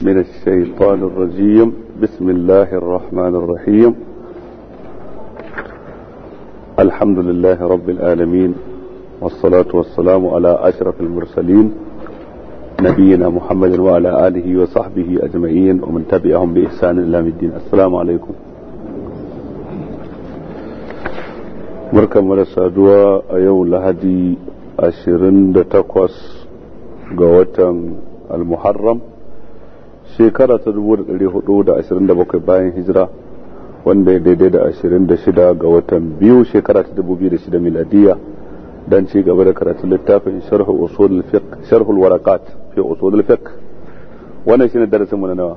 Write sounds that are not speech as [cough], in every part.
من الشيطان الرجيم بسم الله الرحمن الرحيم الحمد لله رب العالمين والصلاة والسلام على أشرف المرسلين نبينا محمد وعلى آله وصحبه أجمعين ومن تبعهم بإحسان إلى الدين السلام عليكم مركم ولا سادوا أيو لهدي أشرند تقوس قوة المحرم shekara ta bakwai bayan hijira wanda ya daidai da 26 ga watan biyu shekara ta 2006 miladiya don ci gaba da karatun littafin sharhul warakat fiqh sharh waraqat fi usul fiqh wannan shine darasin mu na nawa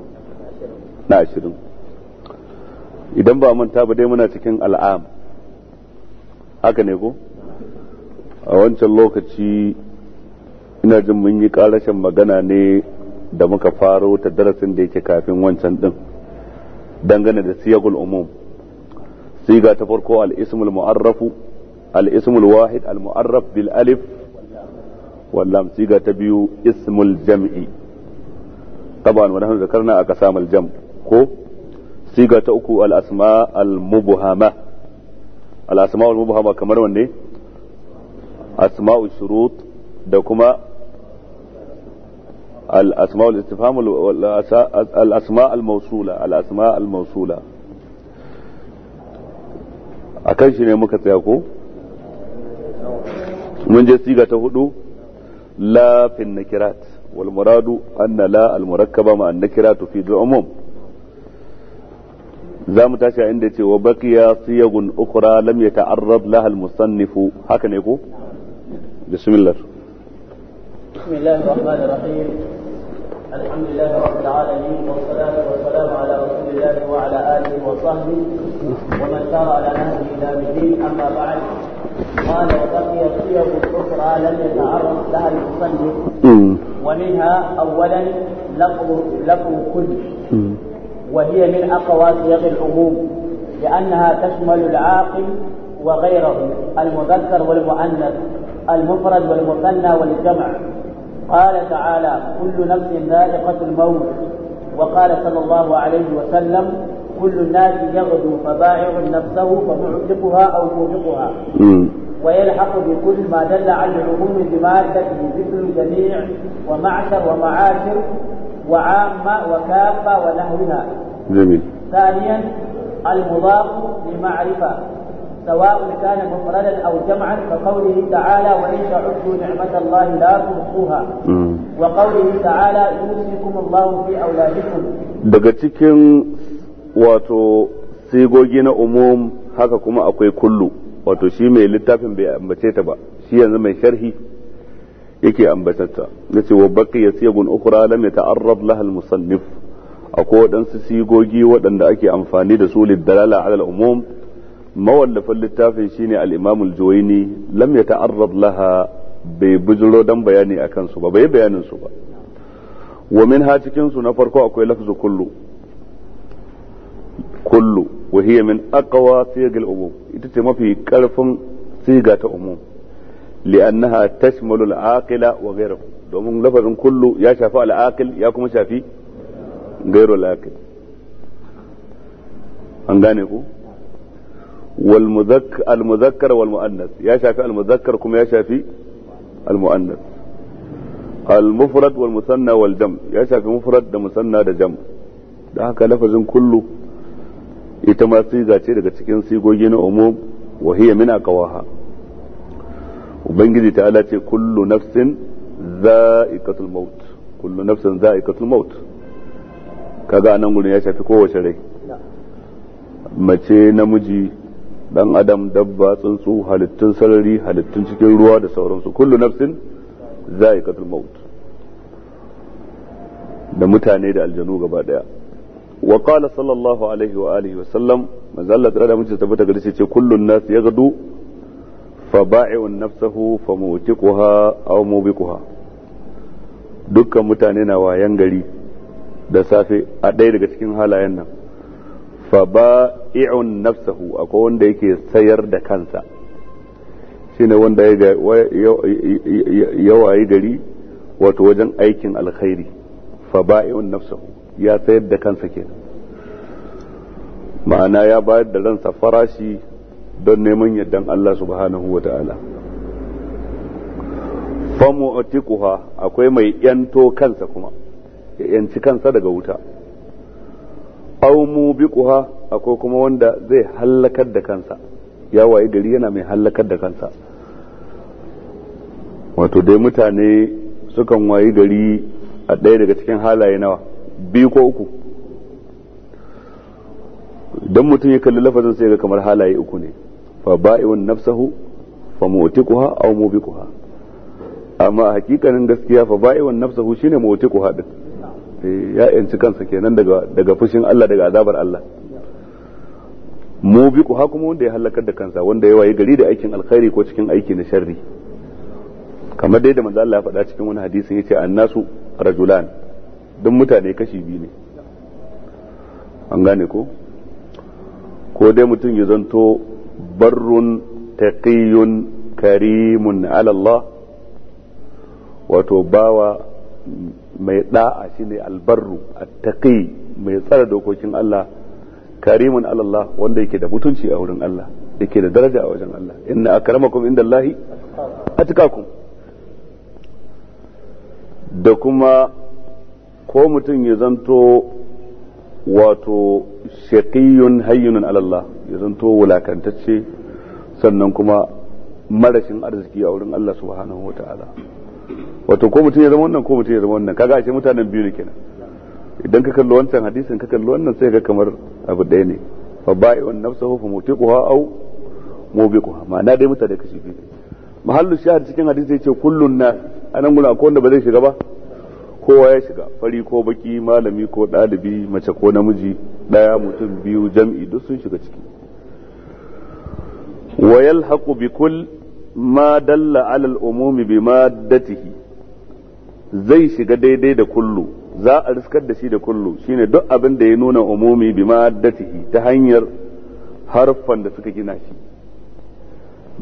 na 20 idan ba manta ba dai muna cikin al'am haka ne ko a wancan lokaci ina jin mun yi karashin magana ne da muka faro ta darasin da yake kafin wancan din dangane da siyagul umum siga ta farko al-ismul mu'arrafu al-ismul wahid al-mu'arraf bil alif wallam siga ta biyu ismul jam'i طبعا ونحن ta uku al-asma al-mubhama al-asma al-mubhama kamar wanne. Asma'u shurut da kuma الأسماء الاستفهام الأسماء الموصولة الأسماء الموصولة akan shi ne muka tsaya ko mun je siga ta hudu la fin nakirat wal muradu anna la al murakkaba ma an fi al umum za mu tashi inda ce wa baqiya siyagun ukhra lam yata'arrad laha al musannifu haka ne ko bismillah بسم الله الرحمن الرحيم الحمد لله رب العالمين والصلاة والسلام على رسول الله وعلى آله وصحبه ومن سار على نهجه إلى الدين أما بعد قال وبقي صيغ أخرى لم يتعرض لها المصنف ومنها أولا لفظ لفظ كل وهي من أقوى صيغ العموم لأنها تشمل العاقل وغيره المذكر والمؤنث المفرد والمثنى والجمع قال تعالى كل نفس ذائقة الموت وقال صلى الله عليه وسلم كل الناس يغدو فبائع نفسه فمعتقها أو موبقها ويلحق بكل ما دل على العموم بمادته ذكر الجميع ومعشر ومعاشر وعامة وكافة ونحوها جميل ثانيا المضاف لمعرفة سواء كان مفردا أو جمعا كقوله تعالى وإن تعدوا نعمة الله لا تحصوها وقوله تعالى يوصيكم الله في أولادكم دقتكم واتو سيغوجين sigogi haka kuma akwai kullu wato shi mai littafin bai ambace ta ba shi yanzu mai sharhi yake ambatarta nace wa baqiya sigun ukhra lam yata'arrab laha al-musannif akwai waɗansu sigogi waɗanda ake amfani da su lid dalala ala al-umum mawallafin littafin shine al-Imam al-Juwayni lam yata'arrad laha bai bujiro dan bayani akan su ba bai bayanin su ba wa min ha cikin su na farko akwai lafzu kullu kullu wa hiya min aqwa siyag al-umum ita ce mafi karfin siga ta umum li'annaha tashmalu al-aqila wa ghayruhu domin lafazin kullu ya shafi al-aqil ya kuma shafi ghayru al-aqil an gane ku wal al muzakkar wal muannas ya shafi al muzakkar kuma ya shafi al muannas al mufrad wal musanna wal jam ya shafi mufrad da musanna da jam da haka lafazin kullu ita ma siga ce daga cikin sigogi na umum wa hiya min aqwaha ubangiji ta'ala ce kullu nafsin za'iqatul maut kullu nafsin za'iqatul maut kaga anan gurin ya shafi kowace rai mace namiji dan adam dabba tsuntsu halittun sarari halittun cikin ruwa da sauransu kullu nafsin za'iqatul maut da mutane da aljanu gaba daya wa qala sallallahu alaihi wa alihi wa sallam manzo Allah tsara da mutum tabbata gari ce kullu nas yaghdu fa ba'u nafsuhu fa mutiquha aw mubiquha dukkan mutane na wayan gari da safe a ɗaya daga cikin halayen nan fa ba'i'un nafsahu akwai wanda yake sayar da kansa shine wanda ya wayi gari wato wajen aikin alkhairi fa ba'i'un nafsahu ya sayar da kansa kenan ma'ana ya bayar da ransa farashi don neman yaddan Allah subhanahu wa ta'ala famu akwai mai yanto kansa kuma ya yanci kansa daga wuta aw mubiquha akwai kuma wanda zai hallakar da kansa ya waye gari yana mai hallakar da kansa wato dai mutane sukan wayi gari a ɗaya daga cikin halaye nawa biyu ko uku don mutum ya kalli lafazin sai ga kamar halaye uku ne fa ba'iwan nafsahu fa mu'tiquha aw mubiquha amma hakikanin gaskiya fa ba'iwan nafsahu shine mu'tiquha din ya yanci kansa kenan daga daga fushin Allah daga azabar Allah mu bi ku hakumu wanda ya halakar da kansa wanda ya waye gari da aikin alkhairi ko cikin aiki na sharri kamar dai da manzo Allah ya faɗa cikin wani hadisin yace annasu rajulan duk mutane kashi biyu ne an gane ko ko dai mutum ya zanto barrun taqiyun karimun ala Allah wato bawa mai da'a shine albarru attaqi mai tsara dokokin Allah karimun Allah wanda yake da mutunci a wurin Allah yake da daraja a wajen Allah inna akramakum indallahi atqakum da kuma ko mutum ya zanto wato shaqiyun hayyunan Allah ya zanto wulakantacce sannan kuma marashin arziki a wurin Allah subhanahu wataala wato ko mutum ya zama wannan ko mutum ya zama wannan kaga ashe mutanen biyu ne kenan idan ka kalli wancan hadisin ka kalli wannan sai ka kamar abu ɗaya ne fa ba'i'un nafsahu fa mutiquha aw mubiquha ma'ana dai mutane kashi biyu ne mahallu shahid cikin hadisi yace kullun na anan gurin akwai wanda ba zai shiga ba kowa ya shiga fari ko baki malami ko ɗalibi mace ko namiji ɗaya mutum biyu jam'i duk sun shiga ciki wa yalhaqu bi kull ma dalla ala al-umumi bi maddatihi zai shiga daidai da kullu za a riskar da shi da kullu shine duk abin da ya nuna umumi bi maddatihi ta hanyar harfan da suka gina shi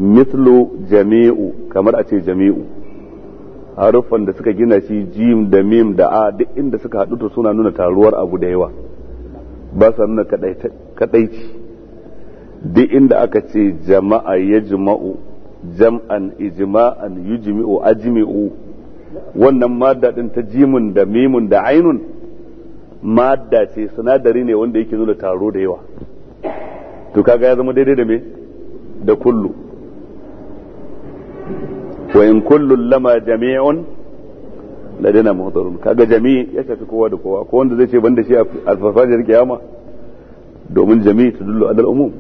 mithlu jami'u kamar a ce jami'u harfan da suka gina shi jim da mim da a duk inda suka haɗu to suna nuna taruwar abu da yawa ba sa nuna kadaici duk inda aka ce jama'a ya jima'u jam'an ijma'an yujmi'u ajimi'u. wannan madda din ta jimun da mimun da ainun madda ce sinadari ne wanda yake nuna taro da yawa to kaga ya zama daidai da me da kullu wa in kullun lama jami'un ladina muhdarun kaga jami'i ya shafi kowa da kowa ko wanda zai ce banda shi alfafajir kiyama domin jami'i tudullu alal umum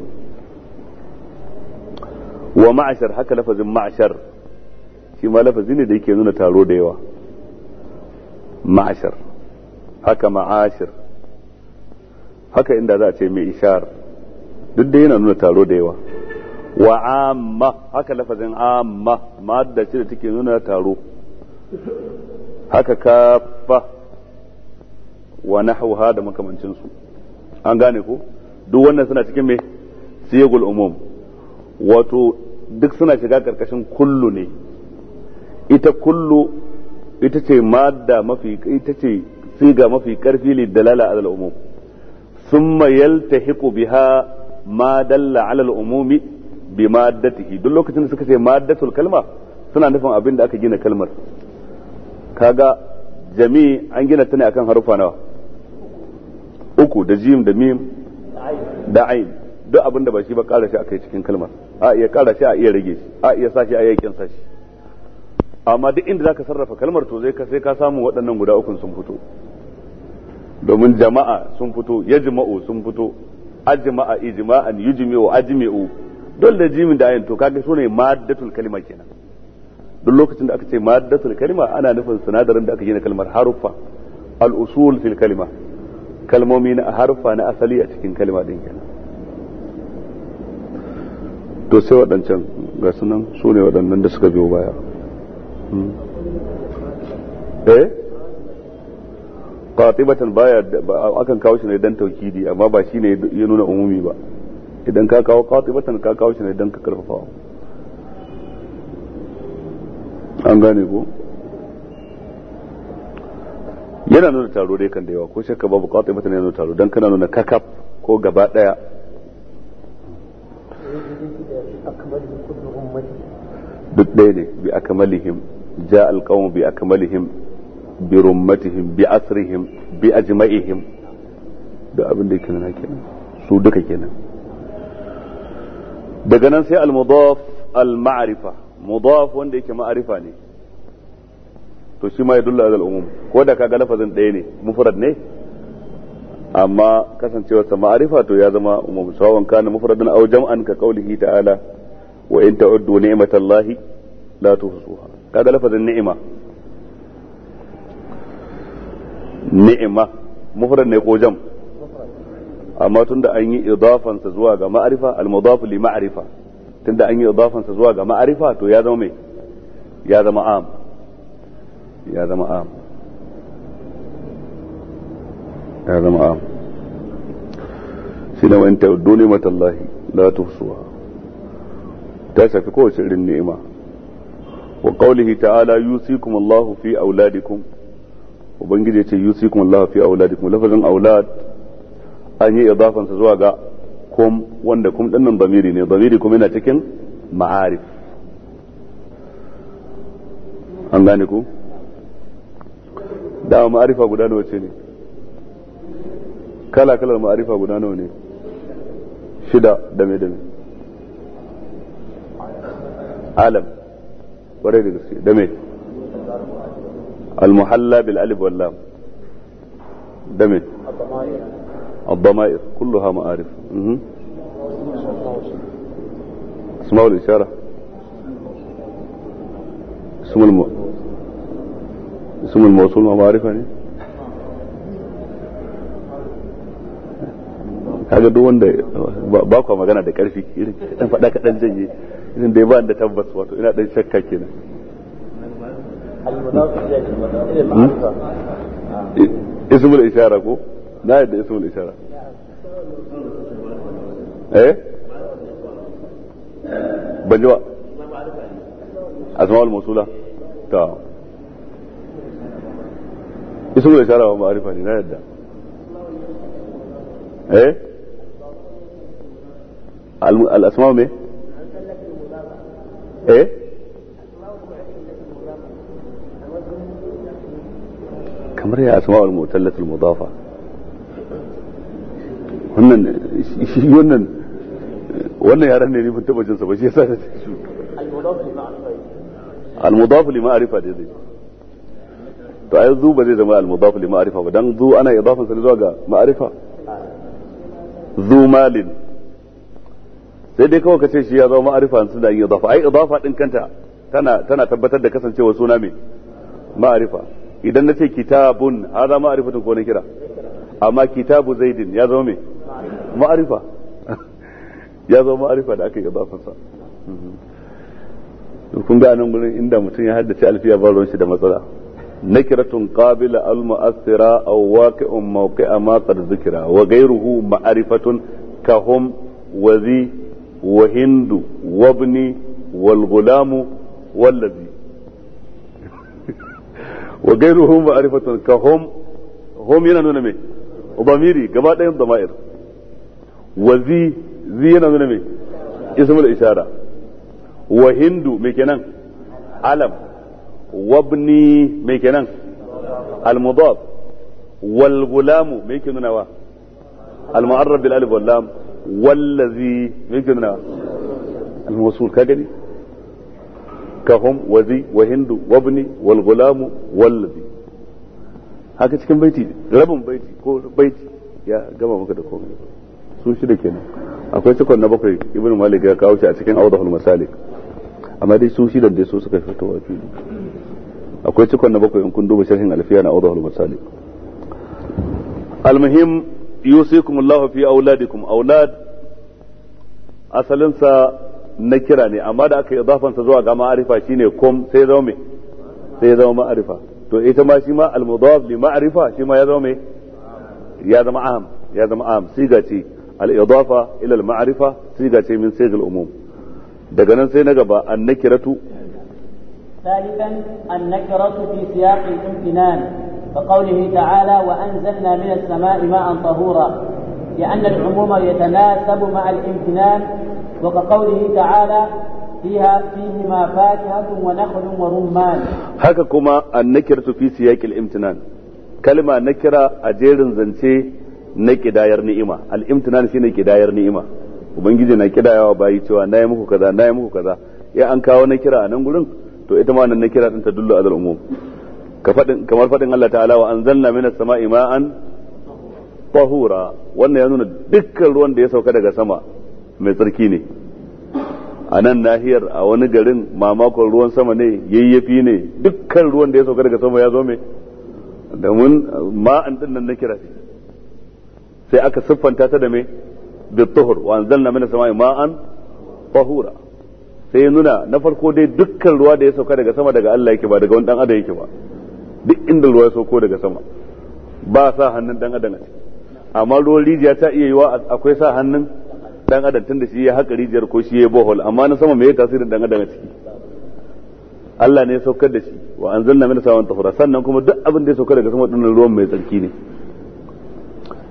wa ma'ashar haka lafazin ma'ashar shi ma lafazi ne da yake nuna taro da yawa ma'ashar haka ma'ashir haka inda za a ce mai ishar duk da yana nuna taro da yawa wa amma haka lafazin amma ma'adda ce da take nuna taro haka kafa wa nahwaha da makamancinsu an gane ko duk wannan suna cikin mai siyagul umum wato duk suna shiga karkashin kullu ne ita kullu ita ce madda mafi ita ce siga mafi karfi dalala ala al-umum thumma yaltahiqu biha ma dalla ala al-umumi bi maddatihi duk lokacin da suka ce maddatul kalma suna nufin abin da aka gina kalmar kaga jami an gina ta ne akan harufa nawa uku da jim da mim da ayin duk abin da ba shi ba kara shi akai cikin kalmar a iya kara shi a iya rage shi a iya sashi a iya kin sashi amma duk inda zaka sarrafa kalmar to zai ka sai ka samu waɗannan guda ukun sun fito domin jama'a sun fito yajma'u sun fito ajma'a ijma'an yujmi'u ajmi'u dole jimin da ayin to kaga sune maddatul kalima kenan duk lokacin da aka ce maddatul kalima ana nufin sinadarin da aka gina kalmar haruffa al usul fil kalima kalmomi na haruffa na asali a cikin kalima din kenan to sai waɗancan ga sunan su ne waɗannan da suka biyo baya Hmm. eh qatibatan baya akan kawo shi ne dan taukidi amma ba shine ya nuna umumi ba idan ka kawo qatibatan ka kawo shi ne dan ka karfafa an gane ko yana nuna taro dai kan da yawa ko shakka babu qatibatan yana nuna taro dan kana nuna kakaf ko gaba daya duk ɗaya ne bi akamalihim جاء القوم بأكملهم برمتهم بأسرهم بأجمعهم da abin da yake nan kenan su duka kenan daga nan sai al-mudaf al-ma'rifa mudaf wanda yake ma'arifa ne to shi ma yadullu ala al-umum ko da kaga lafazin ɗaya ne mufrad ne amma kasancewar sa ma'arifa to ya zama umum sawan kana mufradan aw jam'an ka qawlihi ta'ala wa in ta'uddu ni'matallahi la tuhsuha kaga lafazin ni'ima ni'ima mufrad ne ko jam amma tunda an yi idafan sa zuwa ga ma'arifa al-mudaf li ma'rifa tunda an yi idafan sa zuwa ga ma'arifa to ya zama me ya zama am ya zama am ya zama am shine wa anta mata matallahi la tuhsuha ta shafi kowace irin ni'ima wa qawlihi ta'ala yusikum Allahu fi auladikum ubangiji yace yusikum Allahu fi auladikum lafazin aulad an yi idafan sa zuwa ga kum wanda kum dinnan bamiri ne bamiri kuma yana cikin ma'arif an gane ku da ma'arifa guda nawa ce ne kala kala ma'arifa guda nawa ne shida dame dame alam kwarai da gaske da me al-muhalla bil alif wal lam da me الضمائر كلها مآرف اسماء الإشارة اسم اسم الموصول معرفة يعني kaga duk wanda ba kwa magana da karfi irin dan idan da ya ba da tabbas wato ina dan shakka kenan hmm? ismul ishara ko na yadda ismul ishara eh ban jiwa asma'ul musula ta ismul ishara ba ma'arifa ne na yadda eh al-asma'u me eh kamar ya asma'ul mutallatul mudafa wannan shi wannan wannan yaran ne ni ban taba sa ba shi yasa da su al-mudaf li ma'rifa dai dai to ai zu ba zai zama al-mudaf li ma'rifa ba dan zu ana idafa sa zuwa ga ma'rifa zu malin sai dai kawai kace ce shi ya zama ma'arifa hamsin da yi idafa ai idafa din kanta tana tana tabbatar da kasancewa suna mai ma'arifa idan na ce kitabun zama ma'arifatun ko na kira amma kitabu zaidin ya zama mai ma'arifa [laughs] ya zama ma'arifa da aka yi idafansa mm-hmm. kun ga nan gurin inda mutum ya haddace alfiya ba ruwan shi da matsala نكرة قابلة المؤثرة أو واقع موقع ما قد ذكر وغيره معرفة كهم wazi. wa hindu wabni wal gulamu wallazi [laughs] wa gairuhum ma'rifatun ka hum hum yana nuna me ubamiri gaba ɗayan dama'ir wa nuna me ismul ishara wa kenan alam wabni kenan al-mudaf wal gulamu nunawa wallazi mijina al-mawsul ka gani ka hum wazi wa hindu wa ibni wal gulamu wallazi haka cikin baiti rabin baiti ko baiti ya gama maka da komai su shi da kenan akwai cikon na bakwai ibnu malik ya kawo shi a cikin awdahul masalik amma dai su shi da dai su suka fito a fili akwai cikon na bakwai in kun duba sharhin alfiya na awdahul masalik المهم yusikum Allahu fi auladikum aulad asalin sa na kira ne amma da aka idafan sa zuwa ga ma'arifa shine kum sai zama me zama ma'arifa to ita ma shi ma al-mudaf li ma'rifa ya zama me ya zama ya zama ce ce min daga nan sai na gaba an ثالثا النكرة في سياق الامتنان كقوله تعالى وانزلنا من السماء ماء طهورا لان العموم يتناسب مع الامتنان وكقوله تعالى فيها فيهما فاكهه ونخل ورمان هكذا كما النكره في سياق الامتنان كلمه نكره اجير زنتي نكي داير نئمة الامتنان شيء نكي داير نئمة وبنجي نكي داير وباي توا نايمو كذا نايمو كذا يا أنكاو نكيرا أنا نقولن تو إتمان النكيرا أنت دلوا هذا kamar faɗin Allah ta'ala wa anzalna minas sama'i ma'an tahura wannan ya nuna dukkan ruwan da ya sauka daga sama mai tsarki ne a nan nahiyar a wani garin mamakon ruwan sama ne yayyafi ne dukkan ruwan da ya sauka daga sama ya zo mai domin ma'an din nan na kira sai aka siffanta ta da mai da tahur wa anzalna minas sama'i ma'an tahura sai nuna na farko dai dukkan ruwa da ya sauka daga sama daga Allah yake ba daga wani dan adam yake ba duk inda ruwa ya sauko daga sama ba sa hannun dan adam ciki amma ruwan rijiya ta iya yiwa akwai sa hannun dan adam tunda shi ya haka rijiyar ko shi ya bohol amma na sama me ya tasirin dan adam ciki Allah ne ya saukar da shi wa anzalna min sawan tahura sannan kuma duk abin da ya sauka daga sama dinnan ruwan mai tsarki ne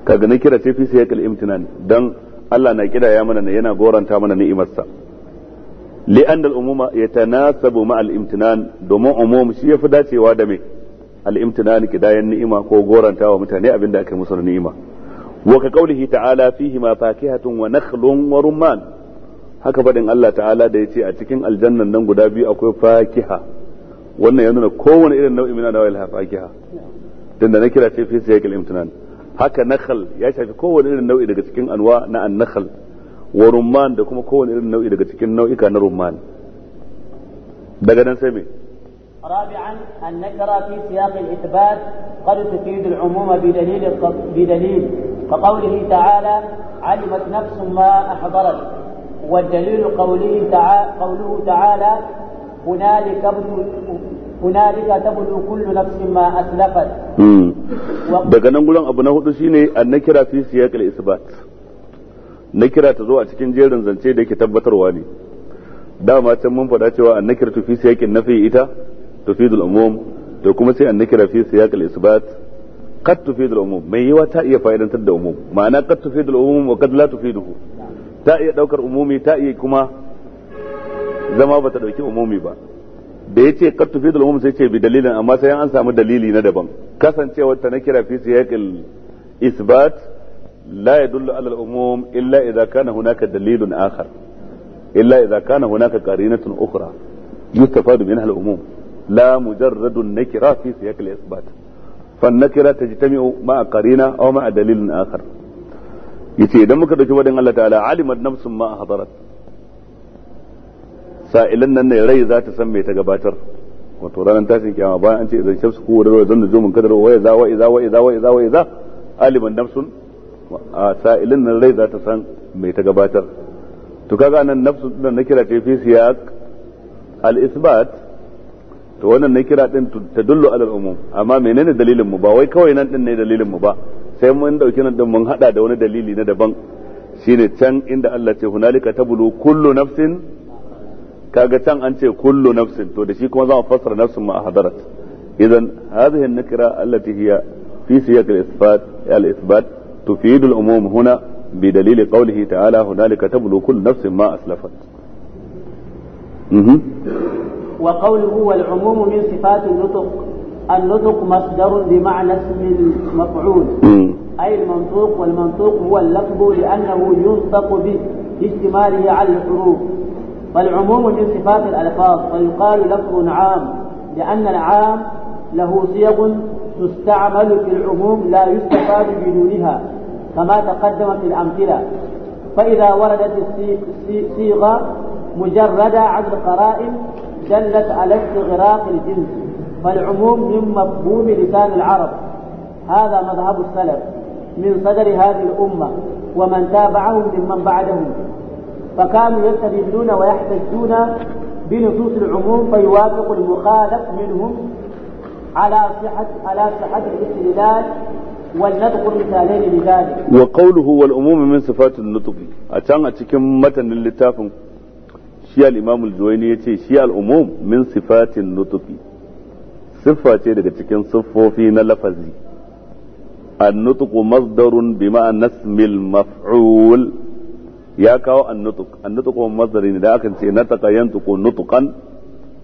kaga gani kira ce fi sayakal imtinan dan Allah na kira ya mana ne yana goranta mana ni'imarsa li'anna al-umuma yatanasabu ma al-imtinan domin umum shi yafi dacewa da mai al-imtinan kidayan ni'ima ko goranta wa mutane abin da aka musu ni'ima wa ka kaulihi ta'ala fihi ma fakihatun wa nakhlun wa rumman haka fadin Allah ta'ala da ya ce a cikin aljannan nan guda biyu akwai fakiha wannan ya nuna kowane irin nau'i da anwa'il fakiha dan da na kira ce fi sayyid imtinan haka nakhl ya shafi kowane irin nau'i daga cikin anwa na an-nakhl wa rumman da kuma kowane irin nau'i daga cikin nau'ika na rumman daga nan sai me رابعا النكرة في سياق الإثبات قد تفيد العموم بدليل بدليل كقوله تعالى علمت نفس ما أحضرت والدليل قوله تعالى قوله تعالى هنالك هنالك تبلو كل نفس ما أسلفت daga nan gudan abu na hudu shine annakira fi siyaqil isbat nakira ta zo a cikin jerin zance da yake tabbatarwa ne dama can mun faɗa cewa annakiratu fi siyaqin nafi ita تفيد العموم to kuma sai annakira fi siyaq al-isbat qad tufi al-umum mai yawa ta iya fa'idantar da umum ma'ana qad tufi al-umum wa qad la duhu ta iya daukar umumi ta iya kuma zama ba ta dauki umumi ba da ya ce qad tufi al-umum sai ce bi dalilin amma sai an samu dalili na daban kasancewar ta nakira fi ya al-isbat la yadullu ala umum illa idza kana hunaka dalilun akhar illa idza kana hunaka qarinatun ukhra yustafadu minha al-umum la mujarradun nakira fi siyaqil isbat fan nakira tajtami'u ma'a qarina aw ma'a dalilin akhar yace idan muka dauki wadin Allah ta'ala alimat nafsun ma hadarat sa'ilan nan ne rai za ta san me ta gabatar wato ranar tashin kiyama bayan an ce idan shamsu ku wadar zan zo mun kadar wa iza wa iza nafsun nan rai ta san me ta gabatar to kaga nan nafsun nan nakira ta fi siyak al isbat to wannan na kira din tadullu alal umum amma menene dalilin mu ba wai kawai nan din ne dalilin mu ba sai mun dauki nan din mun hada da wani dalili na daban shine can inda Allah ce hunalika tabulu kullu nafsin kaga can an ce kullu nafsin to da shi kuma zamu fassara nafsin ma hadarat idan hadhihi an-nakira allati hiya fi siyaq isbat al-isbat tufidu al-umum huna بدليل قوله تعالى هنالك تبلو كل nafsin ma أسلفت. وقوله والعموم من صفات النطق النطق مصدر بمعنى اسم المفعول أي المنطوق والمنطوق هو اللفظ لأنه ينطق به لاشتماله على الحروف فالعموم من صفات الألفاظ ويقال لفظ عام لأن العام له صيغ تستعمل في العموم لا يستفاد بدونها كما تقدم في الأمثلة فإذا وردت الصيغة مجردة عن القرائن دلت على استغراق الجنس فالعموم من مفهوم لسان العرب هذا مذهب السلف من صدر هذه الأمة ومن تابعهم ممن بعدهم فكانوا يستدلون ويحتجون بنصوص العموم فيوافق المخالف منهم على صحة على صحة الاستدلال ولنذكر مثالين لذلك. وقوله والعموم من صفات النطق أتان أتكم متن للتافن shi al’imam al’uwaini ya ce shi al’umum min sifatin nutufi siffa ce daga cikin siffofi na lafazi annutuku mazdarun bi nasmil maf'ul ya kawo annutuk annutuku mazdari ne da aka ce na taƙayyantuku nutukan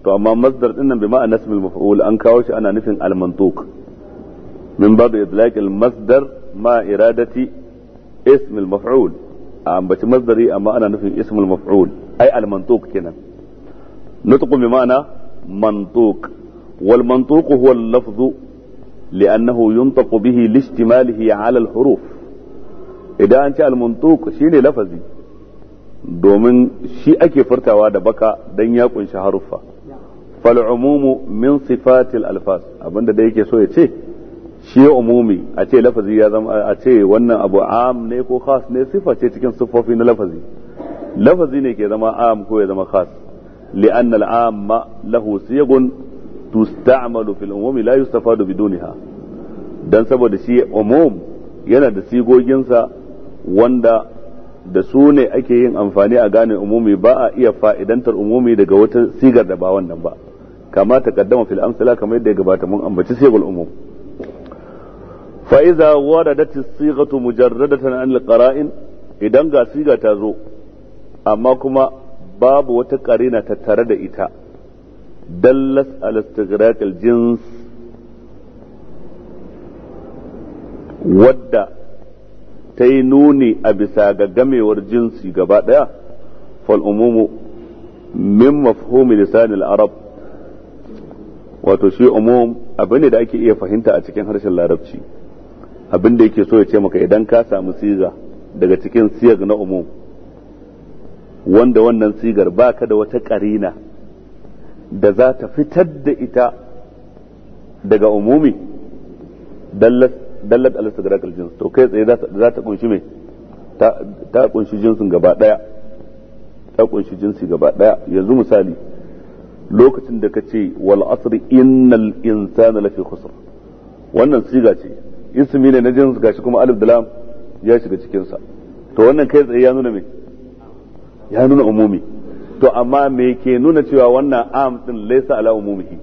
to amma mazdar ɗin nan bi nasmil maf'ul an kawo shi ana nufin almantuk min babu idlaqil masdar ma iradati ismi maf'ul a ambaci masdari amma ana nufin ismul maf'ul ai al mantuq kenan nutqu bi ma'ana mantuq wal mantuq huwa al lafzu li'annahu yuntaqu bihi listimalihi ala al huruf idan an ce al mantuq shine lafazi domin shi ake furtawa da baka dan ya kunshi haruffa fal umumu min sifatil alfas abinda da yake so ya ce shi ya umumi a ce lafazi ya zama a ce wannan abu am ne ko khas ne sifa ce cikin siffofi na lafazi lafazi ne ke zama am ko ya zama khas li'an ma lahu sigun tusta'malu fil umumi la yustafadu bidunha dan saboda shi umum yana da sigoginsa wanda da su ne ake yin amfani a gane umumi ba a iya fa'idantar umumi daga wata sigar da ba wannan ba kama kaddama fil amsala kamar yadda ya gabata mun ambaci sigul umum fa iza waradat as-sighatu mujarradatan an al-qara'in idan ga siga ta zo amma kuma babu wata karina tare da ita dallas al istighraq al jins wadda ta yi nuni a bisa ga gamewar jinsi gaba daya fal umumu min mafhumi lisanil arab wato shi umum abin da ake iya fahimta a cikin harshen larabci abin da yake so ya ce maka idan ka samu siga daga cikin siyar na umum wanda wannan sigar baka da wata karina da za ta fitar da ita daga umumi dallat al-istidrak al-jins to kai tsaye za ta kunshi mai ta kunshi jinsin gaba daya ta kunshi jinsi gaba daya yanzu misali lokacin da ka ce wal asri innal insana lafi khusr wannan siga ce ismi ne na jins gashi kuma alif da ya shiga cikin sa to wannan kai tsaye ya nuna me ya nuna umumi to amma me ke nuna cewa wannan am din laysa ala umumihi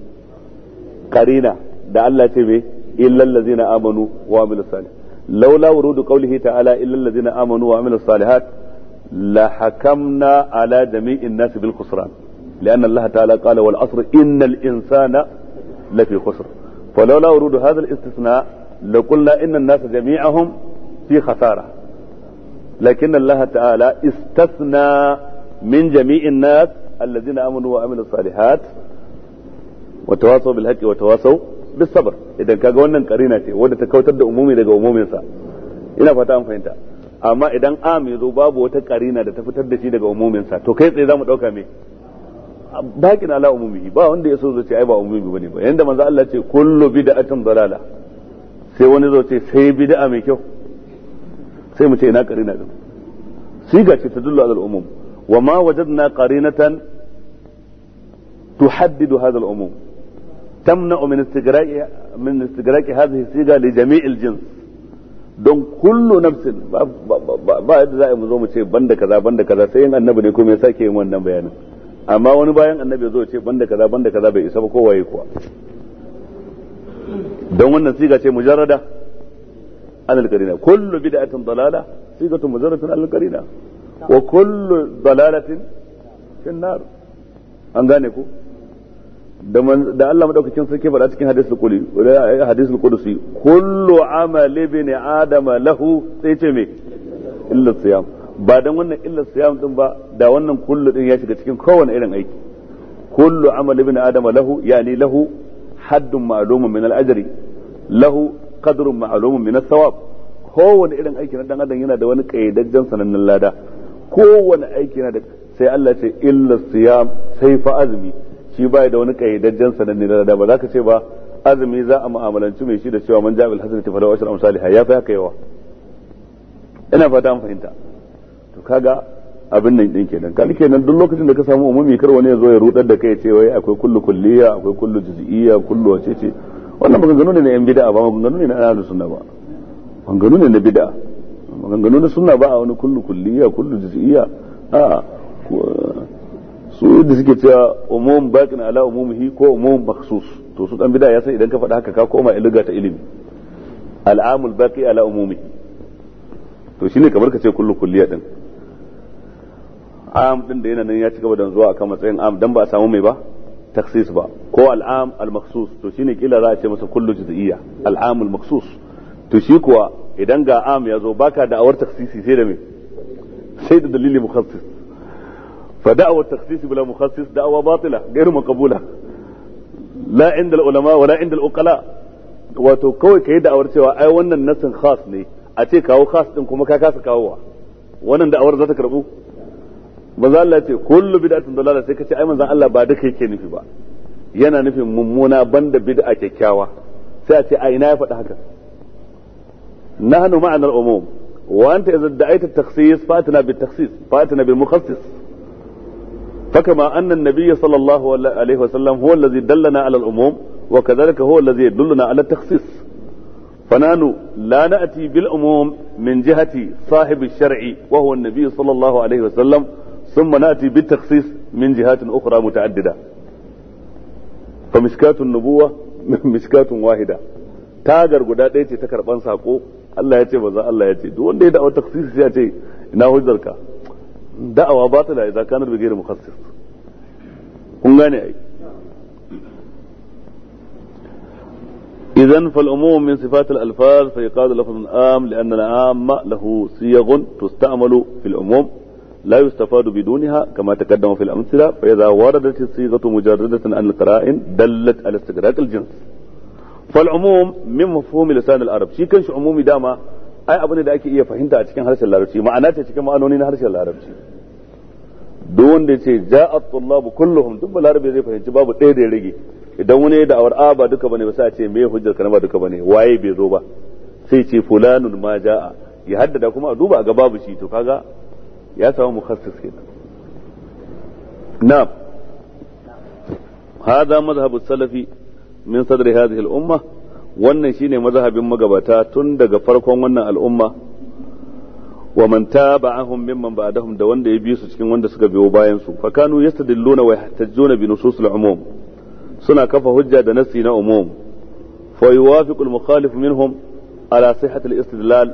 karina da Allah ce me illal ladzina amanu wa amilus salih laula wurudu qawlihi ta'ala illal ladzina amanu wa amilus salihat la hakamna ala jami'in nas bil khusran لأن الله تعالى قال والعصر إن الإنسان لفي خسر فلولا ورود هذا الاستثناء la qulna inna an-nasa jami'ahum fi khasara lakin Allah ta'ala istasna min jami'in nas alladhina amanu wa amilus salihat wa tawasaw bil haqqi wa tawasaw idan kaga wannan karina ce wadda ta kautar da umumi daga umumin sa ina fata an fahimta amma idan am yazo babu wata karina da ta fitar da shi daga umumin sa to kai tsaye zamu dauka me bakin ala ba wanda ya so zo ba umumi ba yanda manzo Allah ce kullu bid'atin sai wani zo ce sai bid'a mai kyau sai mu ce ina karina din siga ce tadullu ala al-umum wa ma wajadna qarinatan tuhaddidu hadha al-umum تمنع من استجراء من استجراء هذه الصيغه لجميع الجنس don kullu nafsin ba yadda za a mu zo mu ce banda kaza banda kaza sai yin annabi ne kuma yasa ke yin wannan bayanin amma wani bayan annabi ya zo ce banda kaza banda kaza bai isa ba kowaye kuwa don wannan siga ce mujarrada alal qarina kullu bid'atin dalala sigatu mujarradatun alal qarina wa kullu dalalatin fin nar an gane ku da Allah madaukakin sarki faɗa cikin hadisul quli hadisul qudsi kullu amali bin adama lahu sai ce me illa siyam ba dan wannan illa siyam din ba da wannan kullu din ya shiga cikin kowane irin aiki kullu amali bin adama lahu yani lahu haddun معلوم من al له قدر معلوم من الثواب kowane irin aiki na dan adam yana da wani kayyadajjen sanannen lada kowane aiki yana da sai Allah ce illa siyam sai fa azumi shi bai da wani kayyadajjen sanannen lada ba za ka ce ba azumi za a mu'amalanci mai shi da cewa man jabil hasanati fa lahu ashru amsalha ya fi haka yawa ina fata an fahimta to kaga abin nan din kenan kal kenan duk lokacin da ka samu umumi kar wani ya zo ya rudar da kai ce wai akwai kullu kulliya akwai kullu juz'iyya kullu wace ce wannan maganganu ne na yan bid'a ba maganganu ne na ahlus sunna ba maganganu ne na bid'a maganganu na sunna ba a wani kullu kulliya kullu juz'iyya a su da suke cewa umum baqin ala umumihi ko umum makhsus to su dan bid'a ya san idan ka faɗa haka ka koma iliga ta ilimi al'amul baqi ala umumihi to shine kamar ka ce kullu kulliya din am din da yana nan ya ci gaba da zuwa akan matsayin am dan ba a samu mai ba taksis ba ko al'am al-maksus to shine kila za a ce masa kullu juz'iyya al'am al-maksus to shi kuwa idan ga am ya zo baka da awar taksisi sai da me sai da dalili mukhassis fa da'awar taksisi bila mukhassis da'awa batila ghairu maqbula la inda al-ulama wa la inda al-uqala wato kawai kai da'awar cewa ai wannan nasin khas ne a ce kawo khas din kuma ka kasa kawowa wannan da'awar za ta karbu manzo Allah ce kullu bid'atin dalala sai kace ai manzon Allah ba duka yake nufi ba yana nufin mummuna banda bid'a kyakkyawa sai a ce a ina ya faɗi haka nahnu ma'anar umum wa anta idza da'aita at-takhsis fatina bit-takhsis fatina bil-mukhassis فكما أن النبي صلى الله عليه وسلم هو الذي دلنا على العموم وكذلك هو الذي يدلنا على التخصيص فنحن لا نأتي بالعموم من جهة صاحب الشرع وهو النبي صلى الله عليه وسلم ثم ناتي بالتخصيص من جهات اخرى متعدده فمشكات النبوه [laughs] مشكات واحده تاجر غدا ديت تكربن ساقو الله يجي بزا الله يجي دو وند يدعو تخصيص سيجي ان حجرك دعوه باطله اذا كانت بغير مخصص كون غني إذن فالأموم من صفات الألفاظ فيقال لفظ آم لأن العام له صيغ تستعمل في الأموم لا يستفاد بدونها كما تقدم في الأمثلة فإذا وردت الصيغة مجردة عن القرائن دلت على استغراق الجنس فالعموم من مفهوم لسان العرب kan كانش عمومي dama ai abu ne da ake iya fahimta a cikin harshen larabci ma'ana ce cikin ma'anoni na harshen larabci duk wanda ya ce ja'at tullabu kulluhum duk balarabe zai fahimci babu ɗaya da ya rage idan wani ya da'awar a ba duka bane ba sai a ce me hujjar kana ba duka bane waye bai zo ba sai ce fulanun ma a ya haddada kuma a duba ga babu shi to kaga ya samu mukhassis kenan na'am hadha madhhabu salafi min sadri hadhihi al-umma wannan shine mazhabin magabata tun daga farkon wannan al'umma wa man taba'ahum mimman ba'dahum da wanda ya bi su cikin wanda suka biyo bayan su fa kanu yastadilluna wa yahtajjuna bi nusus al-umum suna kafa hujja da nasi na umum fa yuwafiqu al-mukhalif minhum ala sihhat al-istidlal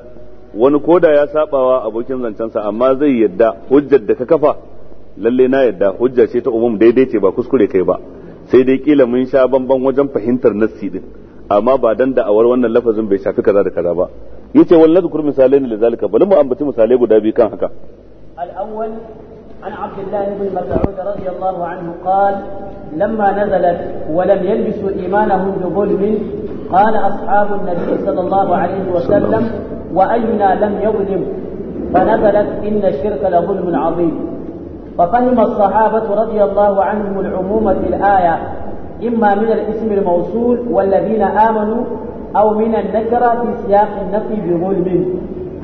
wani koda ya sabawa abokin zancensa amma zai yadda hujjar da ka kafa lalle na yadda hujja ce ta umum daidai ce ba kuskure kai ba sai dai kila mun sha bamban wajen fahimtar nassi din amma ba dan da awar wannan lafazin bai shafi kaza da kaza ba yace wallahi kur misalai ne da zalika bari mu ambaci misalai guda biyu kan haka al-awwal عن عبد الله بن مسعود رضي الله عنه قال لما نزلت ولم يلبسوا إيمانهم بظلم قال أصحاب النبي صلى الله عليه وسلم وأينا لم يظلم فنزلت إن الشرك لظلم عظيم ففهم الصحابة رضي الله عنهم العموم في الآية إما من الاسم الموصول والذين آمنوا أو من النكرة في سياق النفي بظلم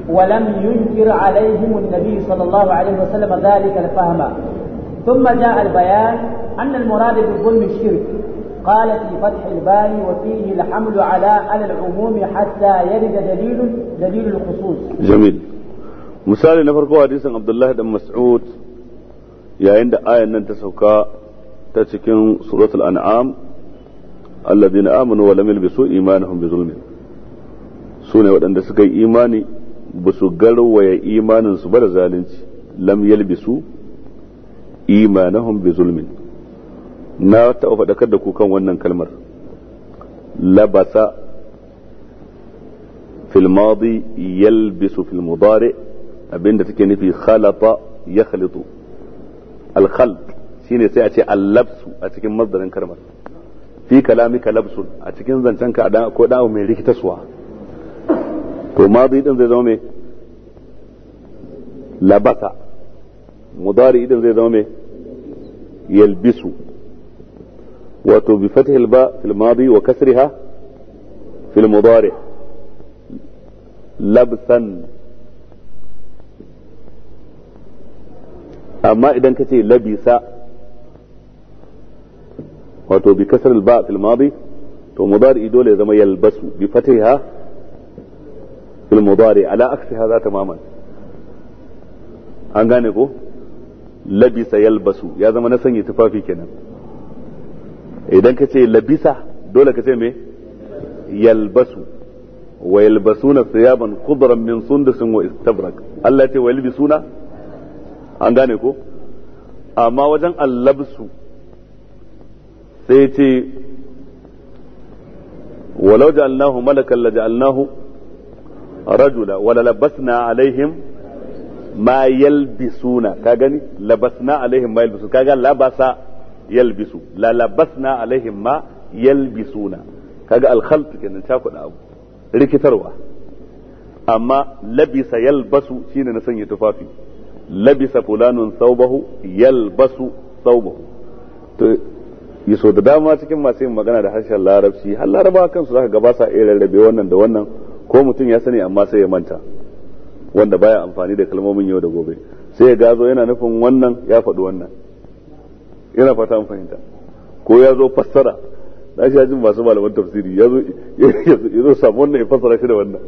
ولم ينكر عليهم النبي صلى الله عليه وسلم ذلك الفهم ثم جاء البيان أن المراد بالظلم الشرك قال في فتح الباري وفيه الحمل على على العموم حتى يرد دليل دليل الخصوص جميل مثال نفر حديث عبد الله بن مسعود يا عند آية أن تسوكا تتكين سورة الأنعام الذين آمنوا ولم يلبسوا إيمانهم بظلم سنة وأن تسكي إيماني ba su garwaya imaninsu ba da zalunci lam yalbisu imanahum bi zulmin na taɓa faɗakar da ku kan wannan kalmar labasa fil madi yalbisu fil mudari abinda take nufi khalata ya khalitu al shine sai a ce allabsu a cikin masdarin kalmar fi kalami labsun a cikin zancen ka ko dawo mai rikitaswa to madi din zai zama me labasa mudari din zai zama me yalbisu wato bi fathi ba fil madi wa kasriha fil mudari labsan amma idan ka ce labisa wato bi kasar ba fil madi to mudari dole zama yalbasu bi fatiha fil mudari ala aksi hadha tamaman an gane ko labisa yalbasu ya zama na sanya tufafi kenan idan ka ce labisa dole ka ce me yalbasu wa yalbasuna thiyaban khudran min sundusin wa istabrak Allah ce wa yalbisuna an gane ko amma wajen allabsu sai ce walau ja'alnahu malakan la ja'alnahu rajula wala labasna alaihim ma yalbisuna ka gani labasna alaihim ma yalbisuna kaga labasa yalbisu la labasna alaihim ma yalbisuna kaga alkhalt kenan ta kuɗa abu rikitarwa amma labisa yalbasu shine na sanya tufafi labisa fulanun saubahu yalbasu saubahu to yaso da dama cikin masu yin magana da harshen larabci har laraba kansu zaka gaba sa iya rarrabe wannan da wannan ko mutum ya sani amma sai ya manta wanda baya amfani da kalmomin yau da gobe sai ya gazo yana nufin wannan ya faɗi wannan yana fata an fahimta ko ya zo fassara na shi jin masu malaman tafsiri ya zo samu wannan ya fassara shi da wannan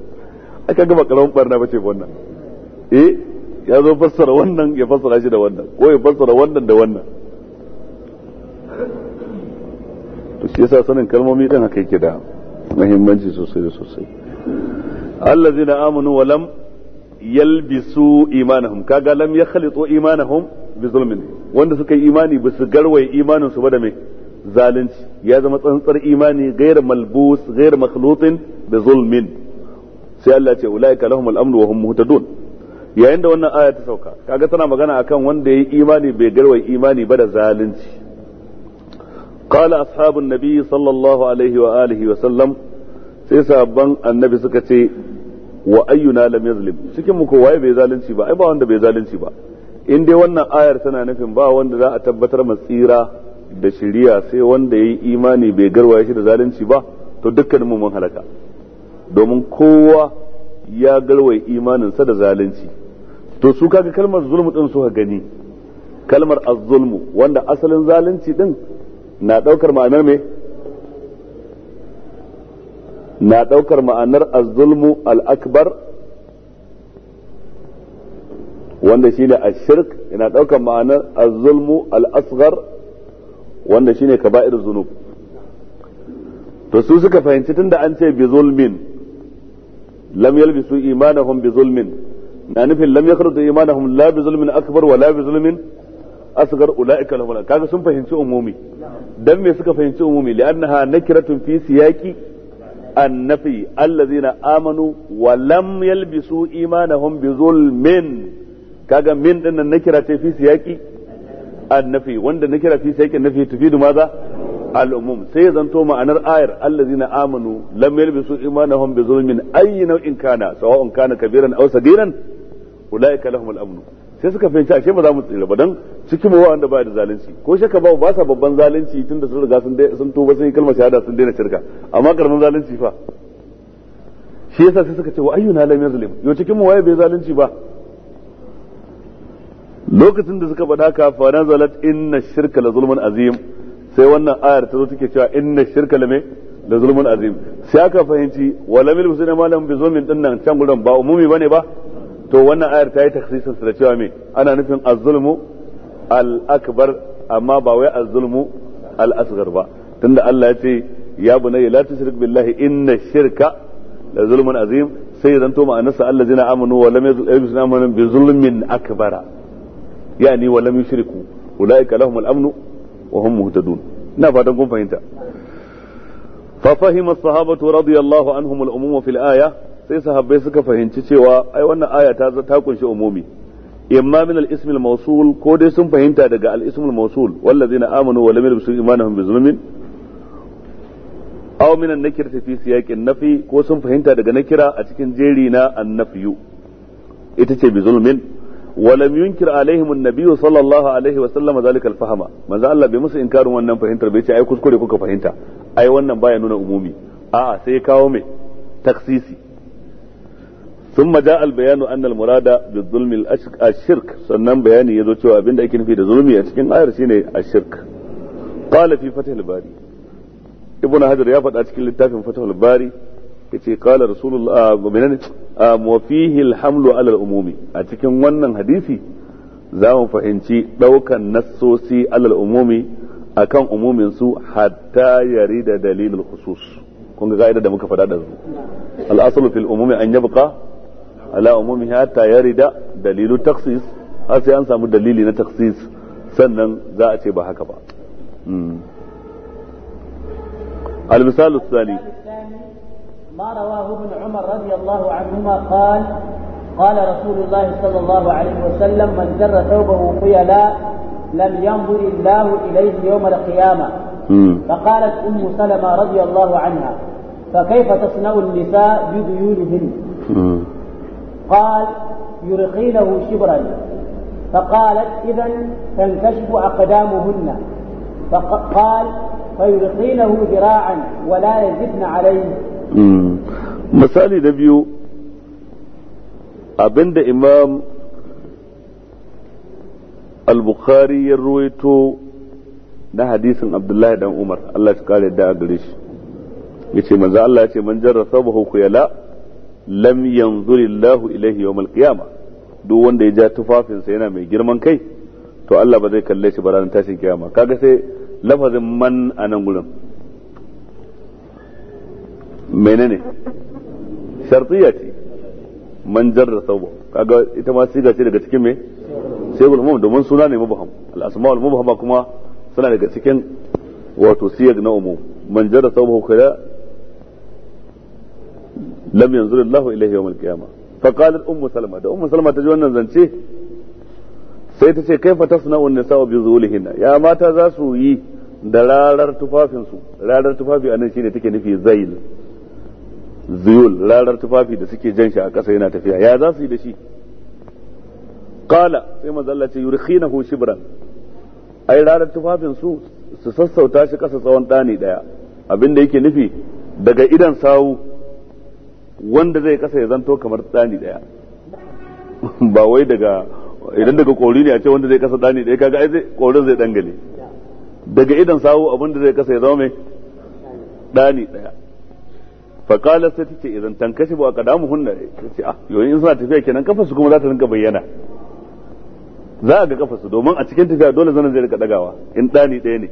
aka gama karamin barna ba ce wannan eh ya zo fassara wannan ya fassara shi da wannan ko ya fassara wannan da wannan to shi yasa sanin kalmomi din haka yake da muhimmanci sosai da sosai allazina amanu wa lam yalbisu imanahum kaga lam yakhlitu imanahum bi zulmin wanda suka yi imani ba su garwaye imanin su ba da mai zalunci ya zama tsantsar imani ghayr malbus ghayr makhlutin bi zulmin sai Allah ce ulaika lahum al-amn wa hum muhtadun yayin da wannan aya ta sauka kaga tana magana akan wanda yayi imani bai garwaye imani ba da zalunci قال أصحاب النبي صلى الله عليه وآله وسلم sai sabban annabi suka ce wa ayyuna lam yazlim cikin mu waye bai zalunci ba ai ba wanda bai zalunci ba in dai wannan ayar tana nufin ba wanda za a tabbatar ma tsira da shiriya sai wanda yayi imani bai garwaye shi da zalunci ba to dukkan mu mun halaka domin kowa ya garwaye sa da zalunci to su kaga kalmar zulmu din suka gani kalmar az-zulmu wanda asalin zalunci din na daukar ma'anar me na ɗaukar ma'anar az-zulmu al-akbar wanda shine ash-shirk yana ɗaukar ma'anar az-zulmu al-asghar wanda shine kaba'ir zunub to su suka fahimci tun da an ce bi zulmin lam yalbisu imanahum bi zulmin na nufin lam yakhruju imanahum la bi zulmin akbar wa la bi zulmin asghar ulaika lahum kaga sun fahimci umumi dan me suka fahimci umumi li'annaha nakratun fi siyaqi annafi allazina amanu wa lam yalbisu imanahum bi kaga min din nan nakira ta fi siyaki annafi wanda nakira fi siyaki nafi tufidu maza al'umum sai ya zanto ma'anar ayar allazina amanu lam yalbisu imanahum bi zulmin nau'in kana sawa'un kana kabiran ausa sagiran ulaika lahum amnu sai suka fahimci ashe ba za mu tsira ba dan cikin mu wanda ba da zalunci ko ka ba ba sa babban zalunci tunda sun riga sun sun tuba sun yi kalmar shahada sun daina shirka amma karamin zalunci fa shi yasa sai suka ce wa ayyuna lam yazlim yo cikin mu waye bai zalunci ba lokacin da suka faɗa ka fa zalat inna shirka la zulmun azim sai wannan ayar ta zo take cewa inna shirka la me la zulmun azim sai aka fahimci wa lam yulbisuna malam bi zulmin dinnan can gudan ba umumi bane ba to wannan ayar ta yi taksisin su da cewa me ana nufin azulmu zulmu al-akbar amma ba wai az-zulmu al-asghar ba tunda Allah ya ce ya bunayya la tushrik billahi inna shirka la zulmun azim sai zanto ma'anarsa jina amanu wa lam yuzlimu amalan bi zulmin akbara yani wa lam yushriku ulaika lahum al-amnu wa hum muhtadun ina fatan kun fahimta ففهم الصحابة رضي الله عنهم الأموم في الآية sai sahabbai suka fahimci cewa ai wannan aya ta ta kunshi umumi imma min al-ism al-mawsul ko dai sun fahimta daga al-ism al-mawsul wallazina amanu wa lam yalbisu imanuhum bi zulmin aw min an-nakirati fi siyaqin nafi ko sun fahimta daga nakira a cikin jeri na an-nafyu ita ce bi zulmin wa lam yunkir alaihim an-nabiyyu sallallahu alaihi wa sallam zalika al-fahma manzo Allah bai musu inkarin wannan fahimtar bai ce ai kuskure kuka fahimta ai wannan baya nuna umumi a'a sai kawo mai taksisi ثم جاء البيان أن المراد a الشرك sannan bayani yazo cewa abinda ake nufi da zulmi a cikin ayar shine ashirk qala fi fath al-bari ibnu hajar ya faɗa cikin littafin fath al-bari yace qala rasulullah ah, menene ah, wa fihi al-hamlu ala al-umumi a cikin wannan hadisi zamu fahimci ɗaukan nassosi ala al-umumi akan umumin su hatta yarida dalilul khusus kun ga ka'ida da muka faɗa da su al-aslu fil umumi an yabqa ala umumi hatta yarida dalilu taksis har sai an samu dalili na taksis sannan za a ce ba haka ba المثال الثاني ما رواه ابن عمر رضي الله عنهما قال قال رسول الله صلى الله عليه وسلم من جر ثوبه خيلاء لم ينظر الله إليه يوم القيامة فقالت أم سلمة رضي الله عنها فكيف تصنع النساء بديونهن قال يرقينه شبرا فقالت إذا تنكشف أقدامهن فقال فيرقينه ذراعا ولا يزدن عليه misali نبيو أبند إمام البخاري al da hadisin abdullahi dan umar Allah shi kare da a gare shi ya ce manzo Allah ya ce man jarra sabahu khuyala lam yanzuri Allahu ilaihi al qiyama duk wanda ya ja tufafinsa yana mai girman kai to Allah ba zai kalle shi ba ranar tashin kiyama kaga sai lafazin man a nan gurin menene shartiya ce man jarra sauba kaga ita ma siga ce daga cikin me sigul mum domin suna ne mubham al asmaul mubhama kuma suna daga cikin wato siyag na umum man jarra sauba kada lam yanzur Allah ilaihi yawm al-qiyamah fa qalat ummu salma da ummu salma ta ji wannan zance sai tace kai kaifa tasna'u an-nisa'u bi zulihinna ya mata za su yi da rarar tufafin su rarar tufafi anan shine take nufi zail zuyul rarar tufafi da suke jan shi a kasa yana tafiya ya za su yi da shi qala sai manzo Allah ce yurkhinahu shibran ai rarar tufafin su su sassauta shi kasa tsawon dani daya abinda yake nufi daga idan sawu wanda zai kasa ya zanto kamar tsani daya ba wai daga idan daga kori ne a ce wanda zai kasa tsani daya kaga ai korin zai dangane daga idan sawo abin da zai kasa ya zama mai tsani daya faqala sai tace idan tankashi ba kadamu hunna tace ah yoyin in suna tafiya kenan kafar su kuma za ta rinka bayyana za a ga kafar su domin a cikin tafiya dole zanen zai rika dagawa in tsani daya ne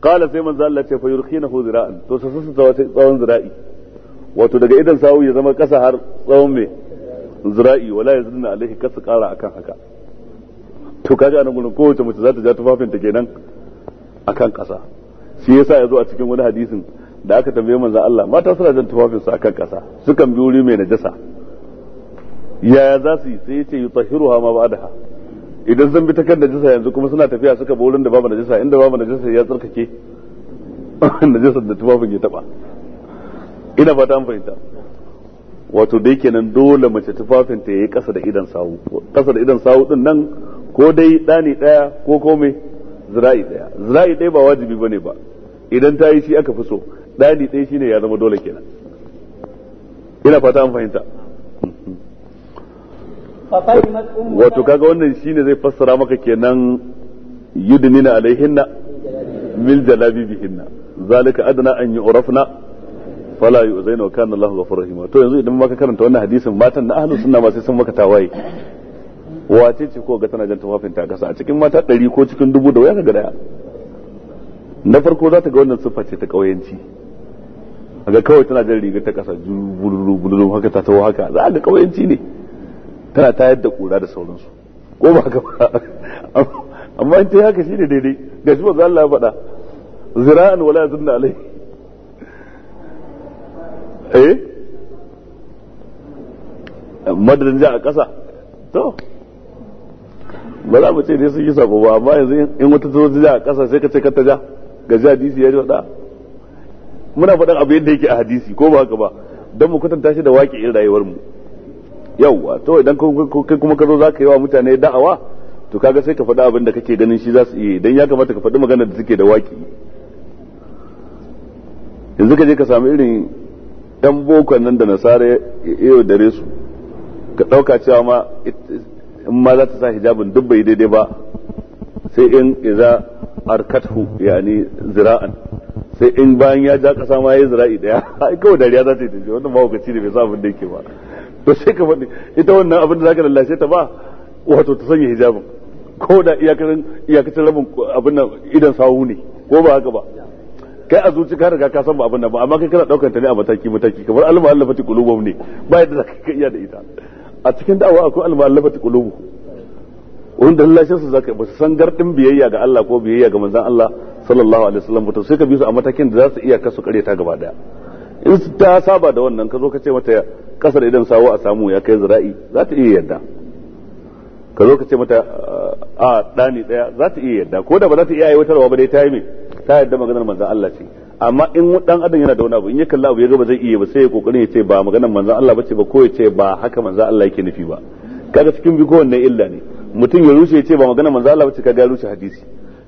qala sai manzo Allah ce fa yurkhinahu zira'an to sai su tsawon zira'i wato daga idan sawu ya zama kasa har tsawon mai zira'i wala ya zina alaihi kasa kara akan haka to kaji anan gudun kowace mace za ta ja tufafin ta kenan akan kasa shi yasa ya zo a cikin wani hadisin da aka tambaye manzon Allah mata suna jan tufafin su akan kasa sukan bi wuri mai najasa yaya za su yi sai yace yutahhiruha ma ba'daha idan zan bi ta kan najasa yanzu kuma suna tafiya suka bi wurin da babu najasa inda babu najasa ya tsarkake [laughs] najasar da tufafin ya taba ina fata an fahimta wato dai kenan dole mace tufafin ta yayi kasa da idan sawu kasa da idan sawu din nan ko dai dani daya ko kome zira'i daya zira'i daya ba wajibi bane ba idan ta yi shi aka fi so dani daya shine ya zama dole kenan ina fata an fahimta wato kaga wannan shine zai fassara maka kenan yudnina alaihinna mil jalabibihinna zalika adna an yu'rafna fala yu'zainu wa kana Allahu ghafurur rahim to yanzu idan maka karanta wannan hadisin matan na ahlus sunna ma sai sun maka tawaye wace ce ko ga tana jan tawafin ta kasa a cikin mata ɗari ko cikin dubu da waya ka ga daya na farko za ta ga wannan siffa ce ta kauyanci ga kawai tana jan riga ta kasa bululu bululu haka ta tawo haka za ga kauyanci ne tana tayar da kura da sauransu ko ba haka amma in ta haka shi ne daidai shi ba za Allah ya faɗa zira'an wala zunna alai eh madadin ja a ƙasa to ba za mu ce ne sun yi sako ba amma yanzu in wata ta ji a ƙasa sai ka ce ka ta ja ga ji hadisi ya faɗa muna faɗan abu yadda yake a hadisi ko ba haka ba don mu kwatanta shi da waƙe in rayuwar mu yawwa to idan kai kuma ka zo za ka yi wa mutane da'awa to kaga sai ka faɗi abin da kake ganin shi za su iya idan ya kamata ka faɗi magana da suke da waƙi yanzu ka je ka samu irin 'yan boko nan da nasara iya dare su ka ɗauka cewa ma in ma za ta sa hijabin duk bai daidai ba sai in iza arkathu yani zira'an sai in bayan ya ja kasa ma ya zira'i daya [laughs] ai kawai dariya za ta yi tafiya wannan ci ne bai sa abin da yake ba to sai ka faɗi ita wannan abin da za ka lallashe ta ba wato ta sanya hijabin ko da iyakacin rabin abin nan idan sawu ne ko ba haka ba kai a zuci ka riga ka san ba abin da ba amma kai kana daukar ta ne a mataki mataki kamar al-mu'allafati qulubum ne ba yadda zaka ka iya da ita a cikin da'awa akwai al-mu'allafati qulubum wanda shi su zaka ba su san gardin biyayya ga Allah ko biyayya ga manzon Allah sallallahu alaihi wasallam ba to sai ka bi su a matakin da za su iya kasu kare ta gaba daya in ta saba da wannan ka zo ka ce mata kasar idan sawo a samu ya kai zira'i za ta iya yadda ka zo ka ce mata a ɗani ɗaya za ta iya yadda ko da ba za ta iya aiwatarwa ba dai ta yi mai ta yadda maganar manzan Allah ce amma in dan adam yana da wani abu in ya kalla abu ya ga ba zai iya ba sai ya kokarin ya ce ba maganar manzan Allah bace ba ko ya ce ba haka manzan Allah yake nufi ba kaga cikin bi kowanne illa ne mutum ya rushe ya ce ba maganar manzan Allah bace kaga ya rushe hadisi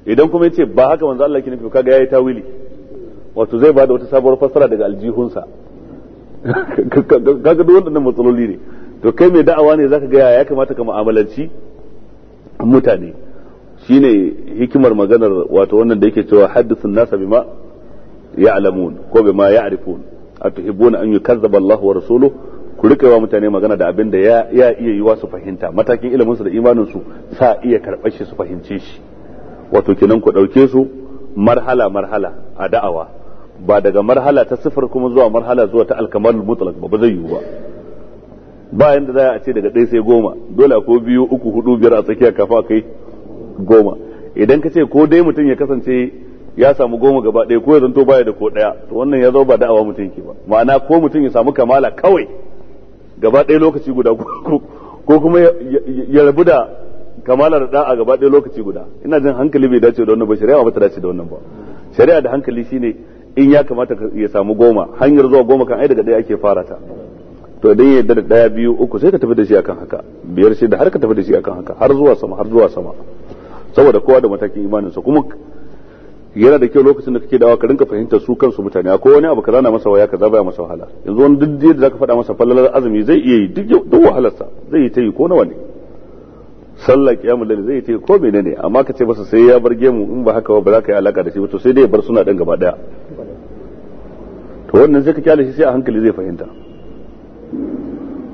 idan kuma ya ce ba haka manzan Allah yake nufi kaga yayi tawili wato zai bada wata sabuwar fassara daga aljihunsa kaga duk wannan matsaloli ne to kai mai da'awa ne zaka ga ya kamata ka mu'amalanci mutane shine hikimar maganar wato wannan da yake cewa haddisun nasa bima ya'lamun ko bima ya'rifun atuhibbuna an yukazzaba Allahu wa rasuluhu ku rika wa mutane magana da abin da ya iya yiwa su fahimta matakin ilimin su da imanin su sa iya karɓar shi su fahimce shi wato kenan ku ɗauke su marhala marhala a da'awa ba daga marhala ta sifar kuma zuwa marhala zuwa ta alkamalul mutlaq ba ba zai yiwu ba ba yanda za a ce daga ɗaya sai goma dole ko biyu uku hudu biyar a tsakiya kafa kai goma idan ka ce ko dai mutum ya kasance ya samu goma gaba ɗaya ko ya zanto baya da ko ɗaya to wannan ya zo ba da'awa mutum ke ba ma'ana ko mutum ya samu kamala kawai gaba ɗaya lokaci guda ko kuma ya rabu da kamala da da'a gaba ɗaya lokaci guda ina jin hankali bai dace da wannan ba shari'a ba ta dace da wannan ba shari'a da hankali shine in ya kamata ya samu goma hanyar zuwa goma kan ai daga ɗaya ake fara ta to idan ya yarda da ɗaya biyu uku sai ka tafi da shi akan haka biyar shi da har ka tafi da shi akan haka har zuwa sama har zuwa sama saboda kowa da matakin imanin sa kuma yana da kyau lokacin da kake dawa ka rinka fahimtar su kansu mutane a wani abu kaza na masa waya kaza baya masa wahala yanzu wani duk da zaka faɗa masa fallalar azumi zai iya yi duk wahalar sa zai yi ta yi ko nawa ne sallah kiyamul lail zai yi ta yi ko menene amma ka ce masa sai ya bar gemu in ba haka ba za ka yi alaka da shi ba to sai dai bar suna dan gaba daya to wannan sai ka kyale shi sai a hankali zai fahimta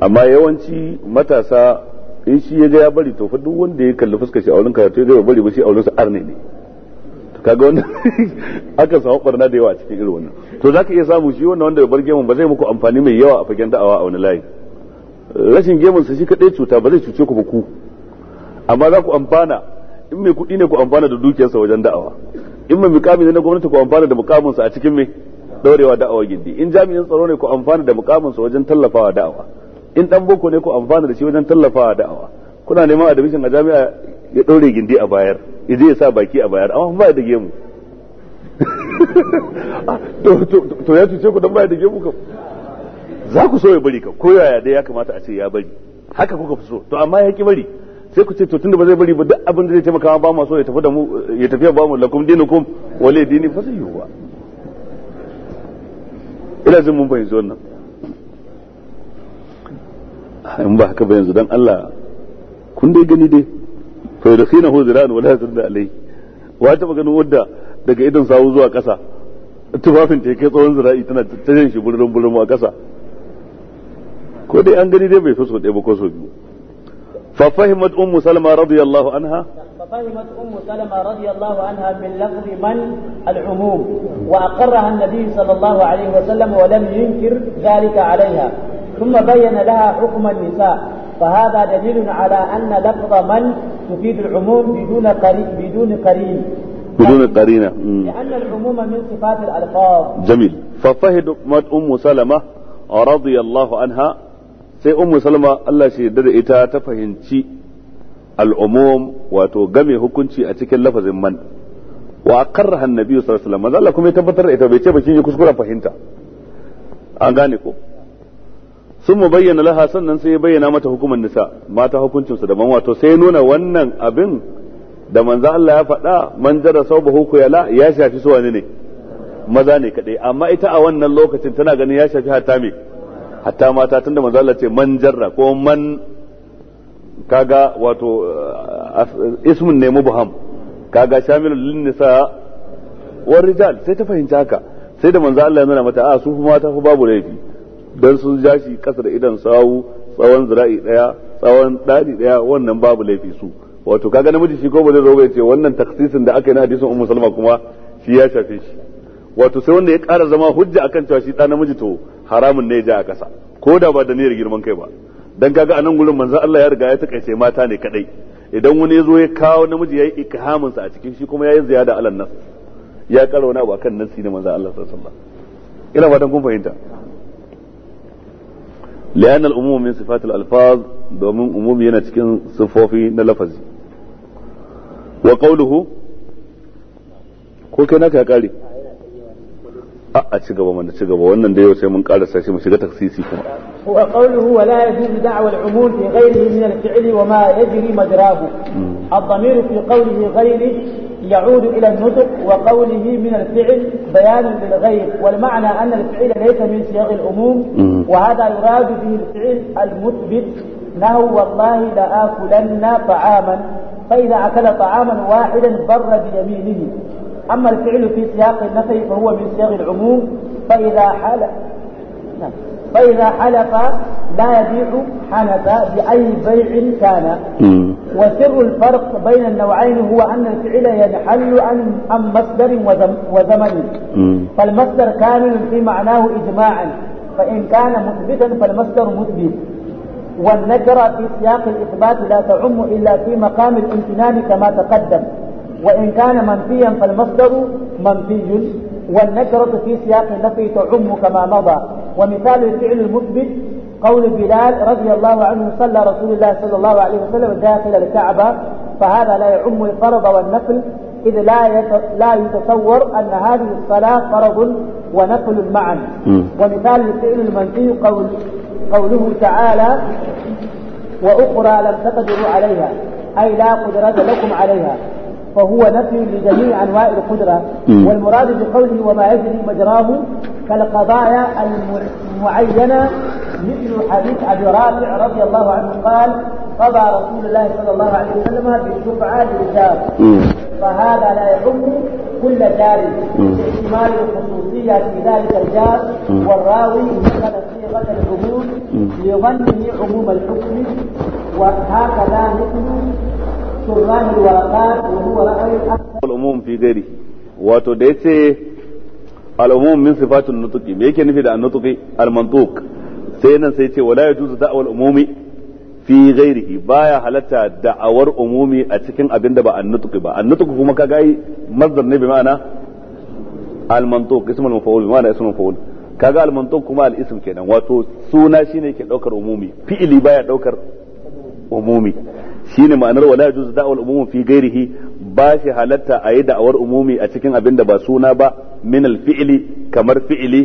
amma yawanci matasa in shi ya ga ya bari to fa duk wanda ya kalli fuskar shi a wurin karatu ya ga ya bari ba shi a wurin sa arne ne ka kaga wannan [laughs] aka samu barna da yawa a cikin irin wannan to zaka iya samu shi wannan wanda ya bar gemun ba zai muku amfani mai yawa a fagen da'awa a wani layi rashin gemun sa shi kadai cuta ba zai cuce ku ba ku amma za ku amfana in mai kuɗi ne ku amfana da dukiyarsa wajen da'awa in mai mukami ne na gwamnati ku amfana da mukaminsa a cikin mai daurewa da'awa gindi in jami'in tsaro ne ku amfana da mukaminsa wajen tallafawa da'awa in dan boko ne ku amfana da shi wajen tallafawa da'awa kuna neman admission a jami'a ya ɗaure gindi a bayar yaje ya sa baki a bayar amma ba da mu [laughs] ah, to ya cuce ku dan ba da mu kam za ku so ya bari ka ko yaya dai ya kamata a ce ya bari haka kuka fi so to amma ya ki bari sai ku ce to tunda ba zai bari ba duk abin da zai taimaka ba mu so ya tafi da mu ya tafi ba mu lakum dinukum wale dini fa sai yiwa ina jin mun fahimci wannan in ba haka ba yanzu dan Allah kun dai gani dai fa yadkhina hu ziran wala yasda alai wa ta magana wadda daga idan sawu zuwa kasa tufafin ta kai tsawon zira'i tana ta jan shi burin burin a kasa ko dai an gani dai bai fuso dai ba ko so biyu fa fahimat ummu salama radiyallahu anha ففهمت أم سلمة رضي الله عنها من لفظ من العموم وأقرها النبي صلى الله عليه وسلم ولم ينكر ذلك عليها ثم بين لها حكم النساء فهذا دليل على أن لفظ من تفيد العموم بدون قرين بدون قرين بدون قرينة لأن العموم من صفات الألفاظ جميل ففهمت أم سلمة رضي الله عنها sai ummu salma Allah shi ita ta fahimci al'umum wato game hukunci a cikin lafazin man wa karraha annabi sallallahu alaihi wasallam Allah kuma ya da ita bai ce ba fahimta sun mu bayyana laha sannan sai ya bayyana mata hukumar nisa mata hukuncin daban wato sai nuna wannan abin da manzo Allah ya faɗa man jara saubahu la ya shafi su wani ne maza ne kadai amma ita a wannan lokacin tana ganin ya shafi hatta me hatta mata tunda manzo Allah ce man jarra ko man kaga wato uh, ismun ne mubham kaga shamilul lin nisa war rijal sai ta fahimci haka sai da manzo Allah ya nuna mata a ah, su mata fa babu laifi dan sun ja shi kasa da idan sawu tsawon zira'i daya tsawon dadi daya wannan babu laifi su wato kaga namiji shi ko ba zai zo bai ce wannan taksisin da aka yi na hadisin ummu salma kuma shi ya shafe shi wato sai wanda ya kara zama hujja akan cewa shi dan namiji to haramun ne ya ja a kasa ko da ba da niyyar girman kai ba dan kaga a nan gurin manzon Allah ya riga ya takaice mata ne kadai idan wani ya zo ya kawo namiji ya yi ikhamin sa a cikin shi kuma ya ziyada alannas ya ƙara wani abu akan nasi na manzon Allah sallallahu alaihi wasallam ba fatan kun fahimta لأن الأموم من صفات الألفاظ دومين أموم ينتكن صفوفي نلفز وقوله قل كناك أكالي أتشغب من أتشغب وأن ديو سيمن قال الساشي مشغة تخصيصي كما وقوله ولا يجوز دعوى العموم في غيره من الفعل وما يجري مجراه الضمير في قوله غيره يعود إلى النطق وقوله من الفعل بيان للغير والمعنى أن الفعل ليس من صيغ العموم وهذا يراد به الفعل المثبت نهو والله لآكلن طعاما فإذا أكل طعاما واحدا بر بيمينه أما الفعل في سياق النفي فهو من صيغ العموم فإذا حال نعم فإذا حلف لا يبيع حنف بأي بيع كان وسر الفرق بين النوعين هو أن الفعل ينحل عن عن مصدر وزمن فالمصدر كامل في معناه إجماعا فإن كان مثبتا فالمصدر مثبت والنكرة في سياق الإثبات لا تعم إلا في مقام الامتنان كما تقدم وإن كان منفيا فالمصدر منفي والنشرة في سياق النفي تعم كما مضى ومثال الفعل المثبت قول بلال رضي الله عنه صلى رسول الله صلى الله عليه وسلم داخل الكعبة فهذا لا يعم الفرض والنفل إذ لا لا يتصور أن هذه الصلاة فرض ونفل معا ومثال الفعل المنفي قول قوله تعالى وأخرى لم تقدروا عليها أي لا قدرة لكم عليها فهو نفي لجميع انواع القدره والمراد بقوله وما يجري مجراه كالقضايا المعينه مثل حديث ابي رافع رضي الله عنه قال قضى رسول الله صلى الله عليه وسلم بالشفعة للجار فهذا لا يعم كل جار باحتمال الخصوصية في ذلك الجار والراوي مثل صيغة العموم لظنه عموم الحكم وهكذا مثل سران الورقات وهو wato da ce al'umum min sifatun nutuki me yake nufi da annutuki nutuqi al sai nan sai ce wala yajuzu awal umumi fi ghairihi baya halatta da'awar umumi a cikin abin da ba annutuki ba annutuki kuma ka ai mazdar ne bi ma'ana al-mantuq ismul maf'ul bi ma'ana ismul maf'ul kaga al-mantuq kuma al-ism kenan wato suna shine yake daukar umumi fi'ili baya daukar umumi shine ma'anar wala yajuz da'wal umum fi ghairihi ba shi halatta a yi da'awar umumi a cikin abin da ba suna ba min al fi'li kamar fi'li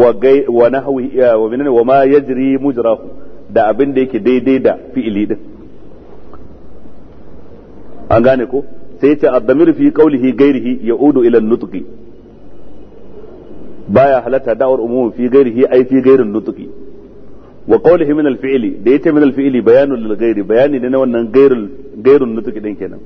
wa gai wa nahwi wa min wa ma yajri mujrahu da abin da yake daidai da fi'li din an gane ko sai ya ce ad-damir fi qawlihi ghairihi ya'udu ila an-nutqi baya halatta da'awar umum fi ghairihi ai fi ghairin nutqi wa qawlihi min al da yace min al-fi'li bayanun lil ghairi bayani ne na wannan ghairul ghairun nutuki din kenan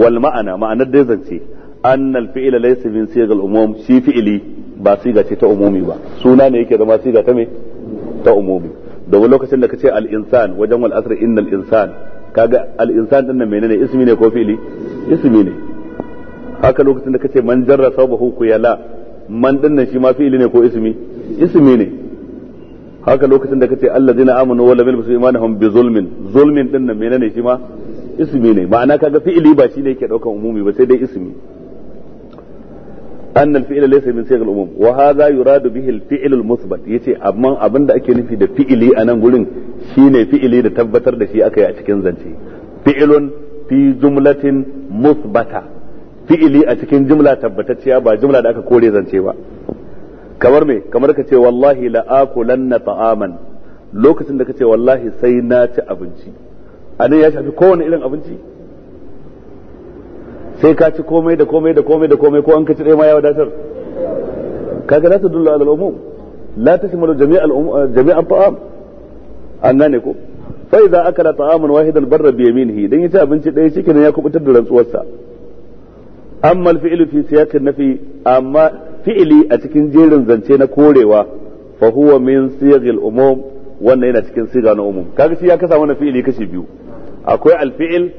wal ma'ana ma'anar da zance an al-fi'la laysa min sigal umum shi fi'li ba siga ce ta umumi ba suna ne yake zama siga ta me ta umumi domin lokacin da kace al-insan wajen wal asr innal insan kaga al-insan din nan menene ismi ne ko fi'li ismi ne haka lokacin da kace man jarra sawbahu yala man din nan shi ma fi'li ne ko ismi ismi ne haka lokacin da kace allazina amanu wa lam yalbisu imanahum bi zulmin zulmin din nan menene shi ma ismi ne ma'ana kaga fi'ili ba shine yake daukan umumi ba sai dai ismi أن الفعل umum wa hadha yuradu bihi al-fi'l al musbat yace amma abin da ake nufi da fi'ili a nan gurin shine fi'ili da tabbatar da shi aka yi a cikin zance fi'ilun fi jumlatin musbata fi'ili a cikin jumla tabbatacciya ba jumla da aka kore zance ba kamar me kamar ka ce wallahi la aqulanna ta'aman lokacin da ka ce wallahi sai na ci abinci anan ya shafi kowane irin abinci sai ka ci komai da komai da komai da komai ko an ka ci ɗaya ma ya wadatar kaga la tadullu ala al-umum la tashmalu jami' al-umum jami' al-ta'am an gane ko fa idza akala ta'aman wahidan barra bi yaminihi dan yace abinci ɗaya shi ya kubutar da rantsuwarsa amma al fi siyaqin nafi amma fi'ili a cikin jerin zance na korewa fa huwa min sighil umum wannan yana cikin siga na umum kaga shi ya kasa wannan fi'ili kashi biyu akwai alfi'il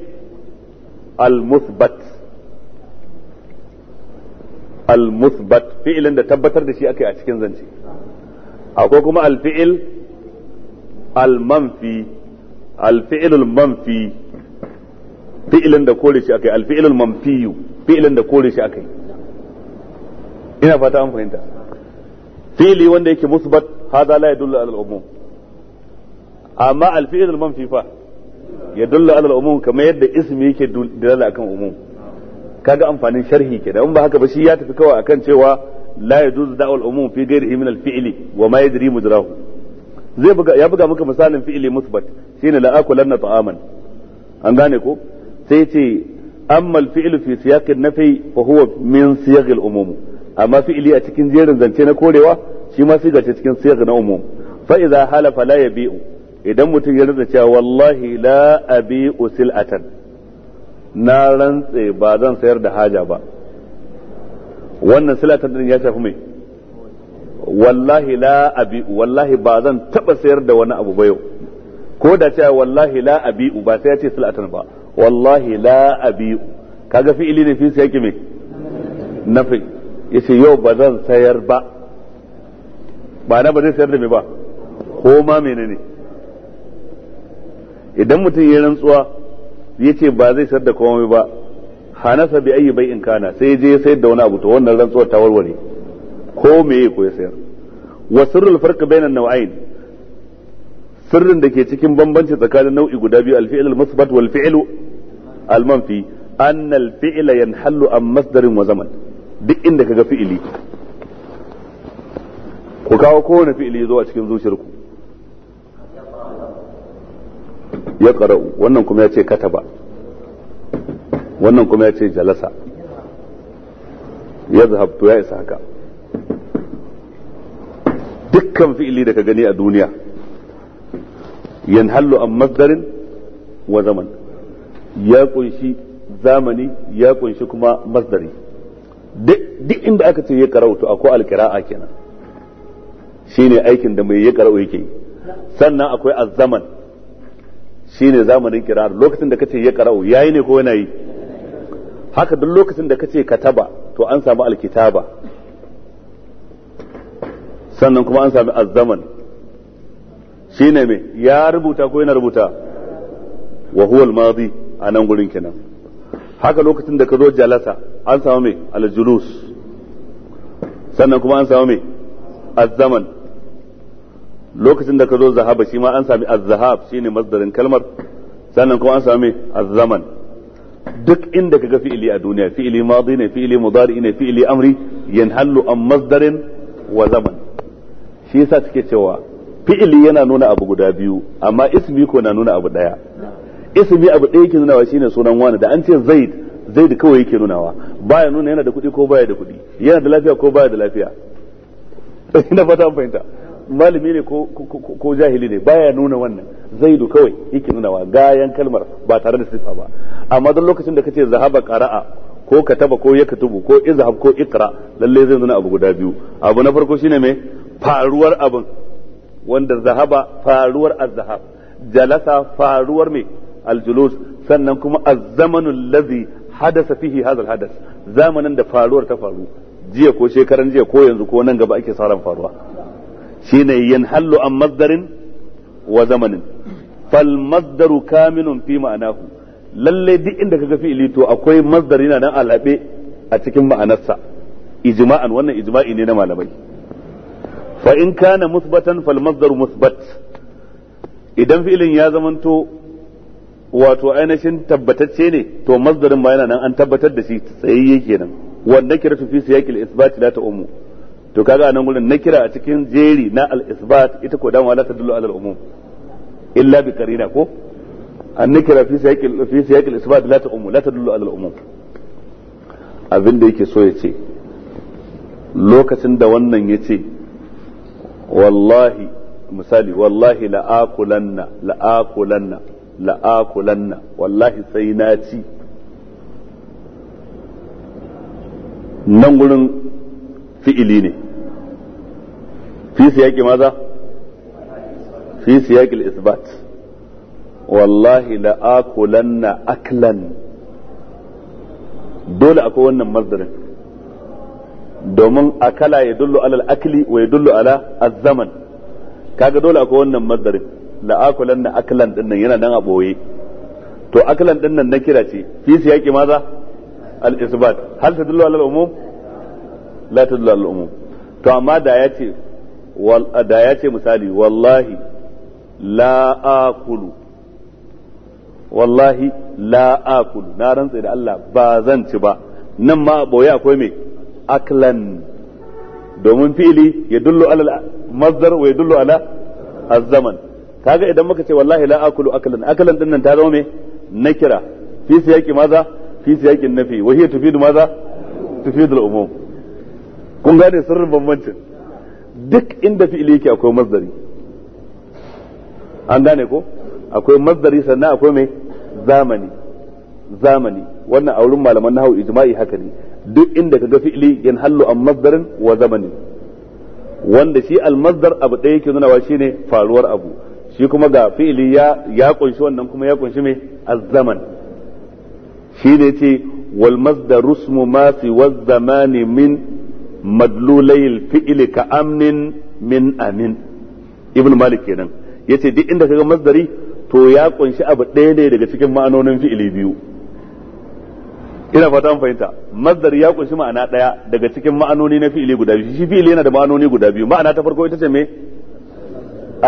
al-musbat al-musbat fi'ilin da tabbatar da shi akai a cikin zance akwai kuma alfi'il al-manfi alfi'il al-manfi fi'ilin da kore shi akai alfi'il al-manfiyu fi'ilin da kore shi akai ina fata an fahimta fi'li wanda yake musbat hada la yadullu ala al-umum amma al-fi'l al-manfi fa yadullu ala al-umum kamar yadda ismi yake dalala akan umum kaga amfanin sharhi kenan in ba haka ba shi ya tafi kawai akan cewa la yajuzu da'u al-umum fi ghairihi min al-fi'li wa ma yadri mujrahu zai buga ya buga maka misalin fi'li musbat shine la akulanna ta'aman an gane ko sai ce amma al-fi'lu fi siyaqin nafi fa huwa min siyaqil umum amma fi'ili a cikin jerin zance na korewa shi ma siga ce cikin siyar na umum fa hala halafa la yabi'u idan mutum ya rantsa cewa wallahi la abi'u sil'atan na rantse ba zan sayar da haja ba wannan sil'atan din ya shafi mai wallahi la abi'u wallahi ba zan taba sayar da wani abu ba yau ko da cewa wallahi la abi'u ba sai ya ce sil'atan ba wallahi la abi'u kaga fi'ili ne fi sai yake mai nafi yace yau ba zan sayar ba ba na ba zai sayar da me ba ko ma menene idan mutum ya rantsuwa yace ba zai sayar da komai ba hanasa bi ayi in kana sai je ya sayar da wani abu to wannan rantsuwar ta warware ko me ko ya sayar wa sirrul farq bainan naw'ain sirrin da ke cikin bambanci tsakanin nau'i guda biyu alfi'il al-musbat wal fi'lu al-manfi anna al-fi'la yanhallu an masdarin wa zaman duk inda kaga fi'ili ku kawo kowane fi'ili zo a cikin zuciyarku ya ƙara'u wannan kuma ya ce kataba wannan kuma ya ce jalasa ya zahabtu ya isa haka dukkan fi'ili da ka gani a duniya yanhallu an mazdarin wa zaman ya kunshi zamani ya kunshi kuma masdari duk inda aka ce ya karau to akwai alkira'a kenan shine aikin da mai ya karau yake yi sannan akwai azzaman shine zamanin kira'ar lokacin da kace ya karau yayi ne ko yana yi haka duk lokacin da kace kataba to an samu alkitaba sannan kuma an sami azzaman shine me ya rubuta ko yana rubuta wa huwa almadi anan a nan gurin kenan haka lokacin da ka zo jalasa an samu mai aljulus sannan kuma an samu mai azzaman lokacin da ka zo zahaba shi ma an sami azzahab shine mazdarin kalmar sannan kuma an sami azzaman duk inda kaga fi'ili a duniya fi'ili madi ne fi'ili mudari ne fi'ili amri hallu an mazdarin wa zaman shi yasa suke cewa fi'ili yana nuna abu guda biyu amma ismi ko na nuna abu daya ismi abu daya yake nuna shine sunan wani da an ce zaid zai da kawai yake nunawa baya nuna yana da kuɗi ko baya da kuɗi yana da lafiya ko baya da lafiya [laughs] ina fata an fahimta malami ne ko jahili ne baya nuna wannan zaidu kawai yake nunawa gayan kalmar ba tare da sifa ba amma don lokacin da kace zahaba qara'a ko kataba ko ya katubu ko izhab ko ikra lalle zai nuna abu guda biyu abu na farko shine me faruwar abin wanda zahaba faruwar azhab zahab jalasa faruwar me aljulus sannan kuma az-zamanu allazi hadasa fihi hadal hadas zamanin da faruwar ta faru jiya ko shekaran jiya ko yanzu ko nan gaba ake sauran faruwa shine hallu an masdarin wa zamanin fal masdaru kamilun fi ma'anahu lallai duk inda kaga fi'ili to akwai masdari na nan alabe a cikin ma'anarsa ijma'an wannan ijma'i ne na malamai fa in kana musbatan fal masdaru musbat idan fi'ilin ya zamanto wato ainihin tabbatacce ne to masdarin ma yana nan an tabbatar da shi tsayayye kenan wanda kira fi siyaqil isbat la ta umu to kaga anan gurin na kira a cikin jeri na al isbat ita ko dama la ta ala al umum illa bi qarina ko an nakira fi siyaqil fi siyaqil isbat la ta umu la ta ala al umum abin da yake so ya ce lokacin da wannan ya ce wallahi misali wallahi la'akulanna la'akulanna la'akulanna wallahi sai na ci nan gurin fi'ili ne fi siyaki maza fi siyaki al-isbat wallahi la'akulanna aklan dole akwai wannan masdarin domin akala ya dullu alal akli wa ya dullu ala az-zaman kaga dole akwai wannan masdarin la'akulan na aklan din nan yana nan a ɓoye. to aklan din nan na kira ce fi siyaqi maza al isbat hal tadullu dullo al umum la tadullu dullo al umum to amma da ya ce da ya ce misali wallahi la akulu wallahi la akulu na rantsa da Allah ba zan ci ba nan ma a ɓoye akwai me aklan domin fili ya dullo al mazdar wa ya dullo ala azzaman kaga idan muka ce wallahi la akulu akalan akalan din nan ta zama me nakira fi siyaqi maza fi siyaqin nafi wa hiya tufidu maza tufidu al-umum kun gane sirrin bambancin duk inda fi'ili yake akwai masdari an gane ko akwai masdari sannan akwai mai zamani zamani wannan a wurin malaman nahawu ijma'i haka ne duk inda kaga fi'ili yan hallu an masdarin wa zamani wanda shi al-masdar abu ɗaya yake nunawa shine faruwar abu shi kuma ga fi'ili ya ya kunshi wannan kuma ya kunshi me az-zaman ne ce wal masdar rusmu ma fi waz-zamani min madlulai fi'ili ka amnin min amin ibn malik kenan yace duk inda kaga masdari to ya kunshi abu ɗaya ne daga cikin ma'anonin fi'ili biyu ina fata an fahimta masdar ya kunshi ma'ana ɗaya daga cikin ma'anoni na fi'ili guda biyu shi fi'ili yana da ma'anoni guda biyu ma'ana ta farko ita ce me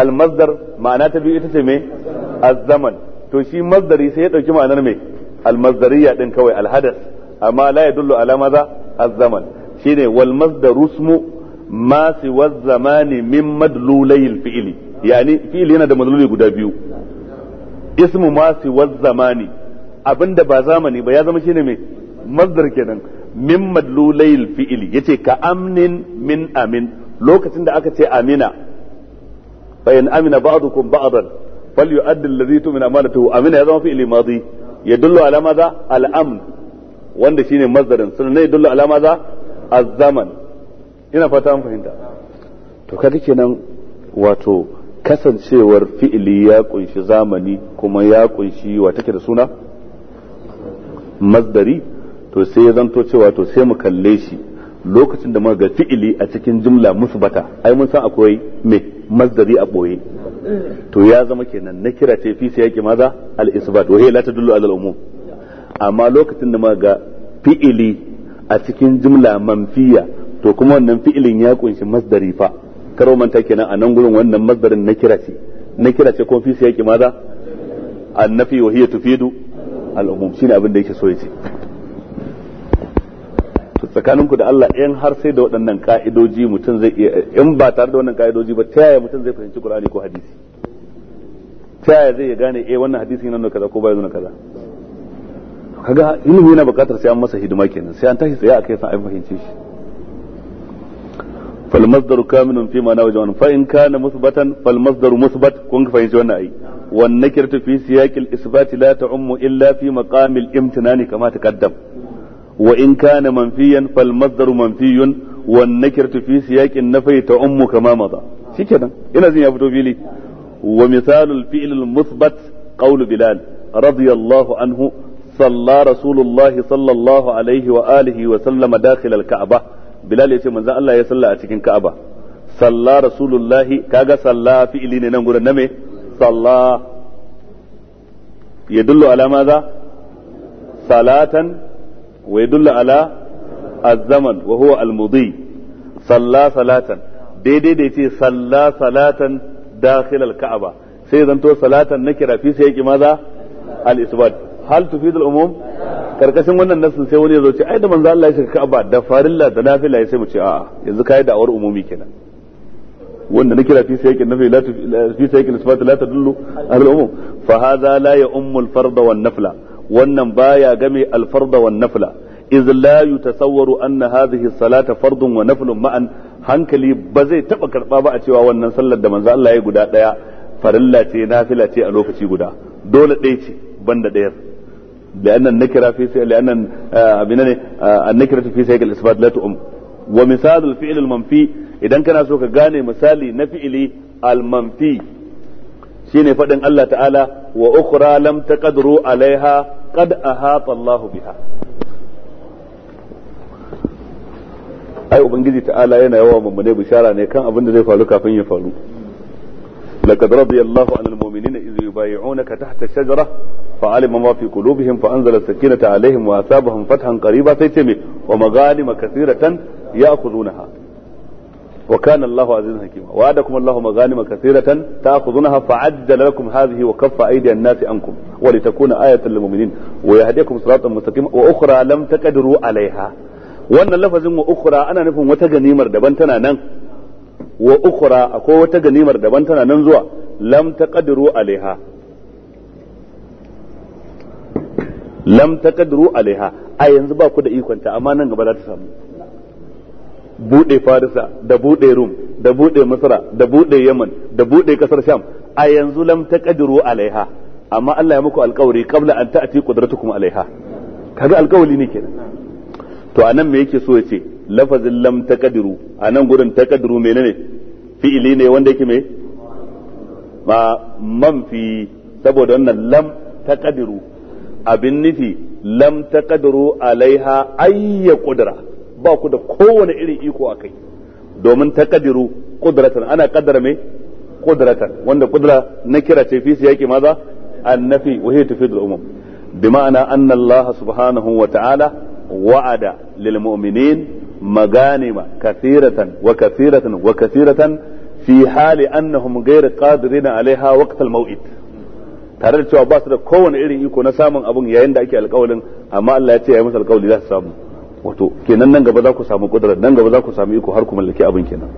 almasdar ma'ana ta biyu ita ce me azzaman to shi masdari sai ya dauki ma'anar me almasdariya din kawai alhadas amma la yadullu ala maza azzaman shine wal masdar ismu ma siwa zamani min madlulai fi'li yani fi'li yana da madluli guda biyu ismu ma siwa zamani abinda ba zamani ba ya zama shine me masdar kenan min madlulai fi'li yace ka amnin min amin lokacin da aka ce amina fa in amina ba'dukum ba'dan falyu'addi alladhi tumina amanatahu amina ya zama fi'li madi yadullu ala madha al-amn wanda shine mazdarin sunan yadullu ala madha az-zaman ina fata an fahimta to kada kenan wato kasancewar fi'ili ya kunshi zamani kuma ya kunshi wa take da suna masdari to sai ya zanto cewa to sai mu kalle shi lokacin da muka ga fi'ili a cikin jumla musbata ai mun san akwai me masdari a boye to ya zama kenan na kira ce fi siyaqi maza al isbat wa hiya la tadullu ala al umum amma lokacin da ga fi'ili a cikin jumla manfiya to kuma wannan fi'ilin ya kunshi masdari fa karo manta kenan a nan gurin wannan masdarin na kira ce na kira ce ko fi siyaqi maza nafi wa hiya tufidu al umum shine abin da yake so ya tsakaninku da Allah in har sai da waɗannan ka'idoji mutum zai iya in ba tare da wannan ka'idoji ba ta yaya mutum zai fahimci Qur'ani ko hadisi ta yaya zai gane eh wannan hadisi yana nuna kaza ko bai nuna kaza kaga ilimi yana buƙatar sai an masa hidima kenan sai an tashi tsaye akai san an fahimci. shi fal masdar kamil fi na wajen fa in kana musbatan fal masdar musbat kun fahimci wannan ai wannan kirtu fi siyaqil isbat la ta'ummu illa fi maqamil imtinani kama taqaddam wa in kana manfiyan fal masdaru manfiyun wan nakiratu fi siyaqin nafai ta ummu kama maza shikenan ina jin ya fito fili wa misalul fi'l musbat qawl bilal radiyallahu anhu صلى رسول الله صلى الله عليه وآله وسلم داخل الكعبة بلال يتي من الله يصلى أتكين كعبة صلى رسول الله كاغا صلى في إلينا نمغر نمي صلى يدل على ماذا صلاة ويدل على الزمن وهو المضي صلى صلاة daidai da yace salatan dakhil kaaba sai zanto salatan nakira fi sai yake maza al-isbat hal tufid al-umum karkashin wannan nasin sai wani ya zo ce ai da manzo Allah ya shiga ka'aba da farilla da nafila ya sai mu ce a'a yanzu kai da awar umumi kenan wanda nakira fi sai yake nafi fi sai yake al-isbat la tadullu al-umum fa hadha la ya al-fard wa nafla wannan baya game alfarda wan nafla iz la yutasawwaru anna hadhihi salata fardun wa naflun ma'an hankali ba zai taba karba ba a cewa wannan sallar da manzo Allah ya guda daya farilla ce nafila ce a lokaci guda dole ɗaya ce banda ɗaya. لأن النكرة في سي... لأن أبناني النكرة في سياق الإثبات لا تؤم ومثال الفعل المنفي إذا كان سوك مثالي المنفي shine faɗin Allah ta'ala wa ukhra lam taqdiru alaiha qad ahata Allahu biha ai ubangiji ta'ala yana yawa mummune bishara ne kan abin da zai faru kafin ya faru لقد رضي الله عن المؤمنين إذ يبايعونك تحت الشجرة فعلم ما في قلوبهم فأنزل السكينة عليهم وأثابهم فتحا قريبا سيتمي ومغانم كثيرة يأخذونها wa kana Allahu azizan hakima wa adakum Allahu maghanim kathiratan ta'khudhunaha fa'ajjala lakum hadhihi wa kaffa aydiyan nasi ankum wa litakuna ayatan lil mu'minin wa yahdikum siratan mustaqima wa ukhra lam taqdiru wannan lafazin wa ukhra ana nufin wata ganimar daban tana nan wa ukhra akwai wata ganimar daban tana nan zuwa lam taqdiru a yanzu ba ku da amma nan gaba za ta samu Buɗe farisa da buɗe rum da buɗe masara da buɗe yaman da buɗe kasar sham a yanzu lam taqdiru alaiha amma Allah ya muku alƙawari kabla an ta'ati qudratukum alaiha kaga alƙawari ne kenan to anan me yake so ya ce lafazin lam taqdiru anan gurin taqdiru menene fi'ili ne wanda yake me ma fi saboda wannan lam taqdiru abin nufi lam taqdiru alaiha ayya qudra ba ku da kowane irin iko a kai domin takadiru qudratan ana kaddara mai qudratan wanda qudra na kira ce fi yake maza annafi wa hiya tufidul umum bima'ana anna Allah subhanahu wa ta'ala wa'ada lil mu'minin maganima kathiratan wa kathiratan wa kathiratan fi hali annahum ghayr qadirina 'alayha waqt al-maw'id tare da cewa ba su da kowane irin iko na samun abun yayin da ake alƙawalin amma Allah ya ce ya yi masa alƙawali za su samu wato kenan nan gaba za ku samu kudrar nan gaba za ku samu iko har ku mallaki abin kenan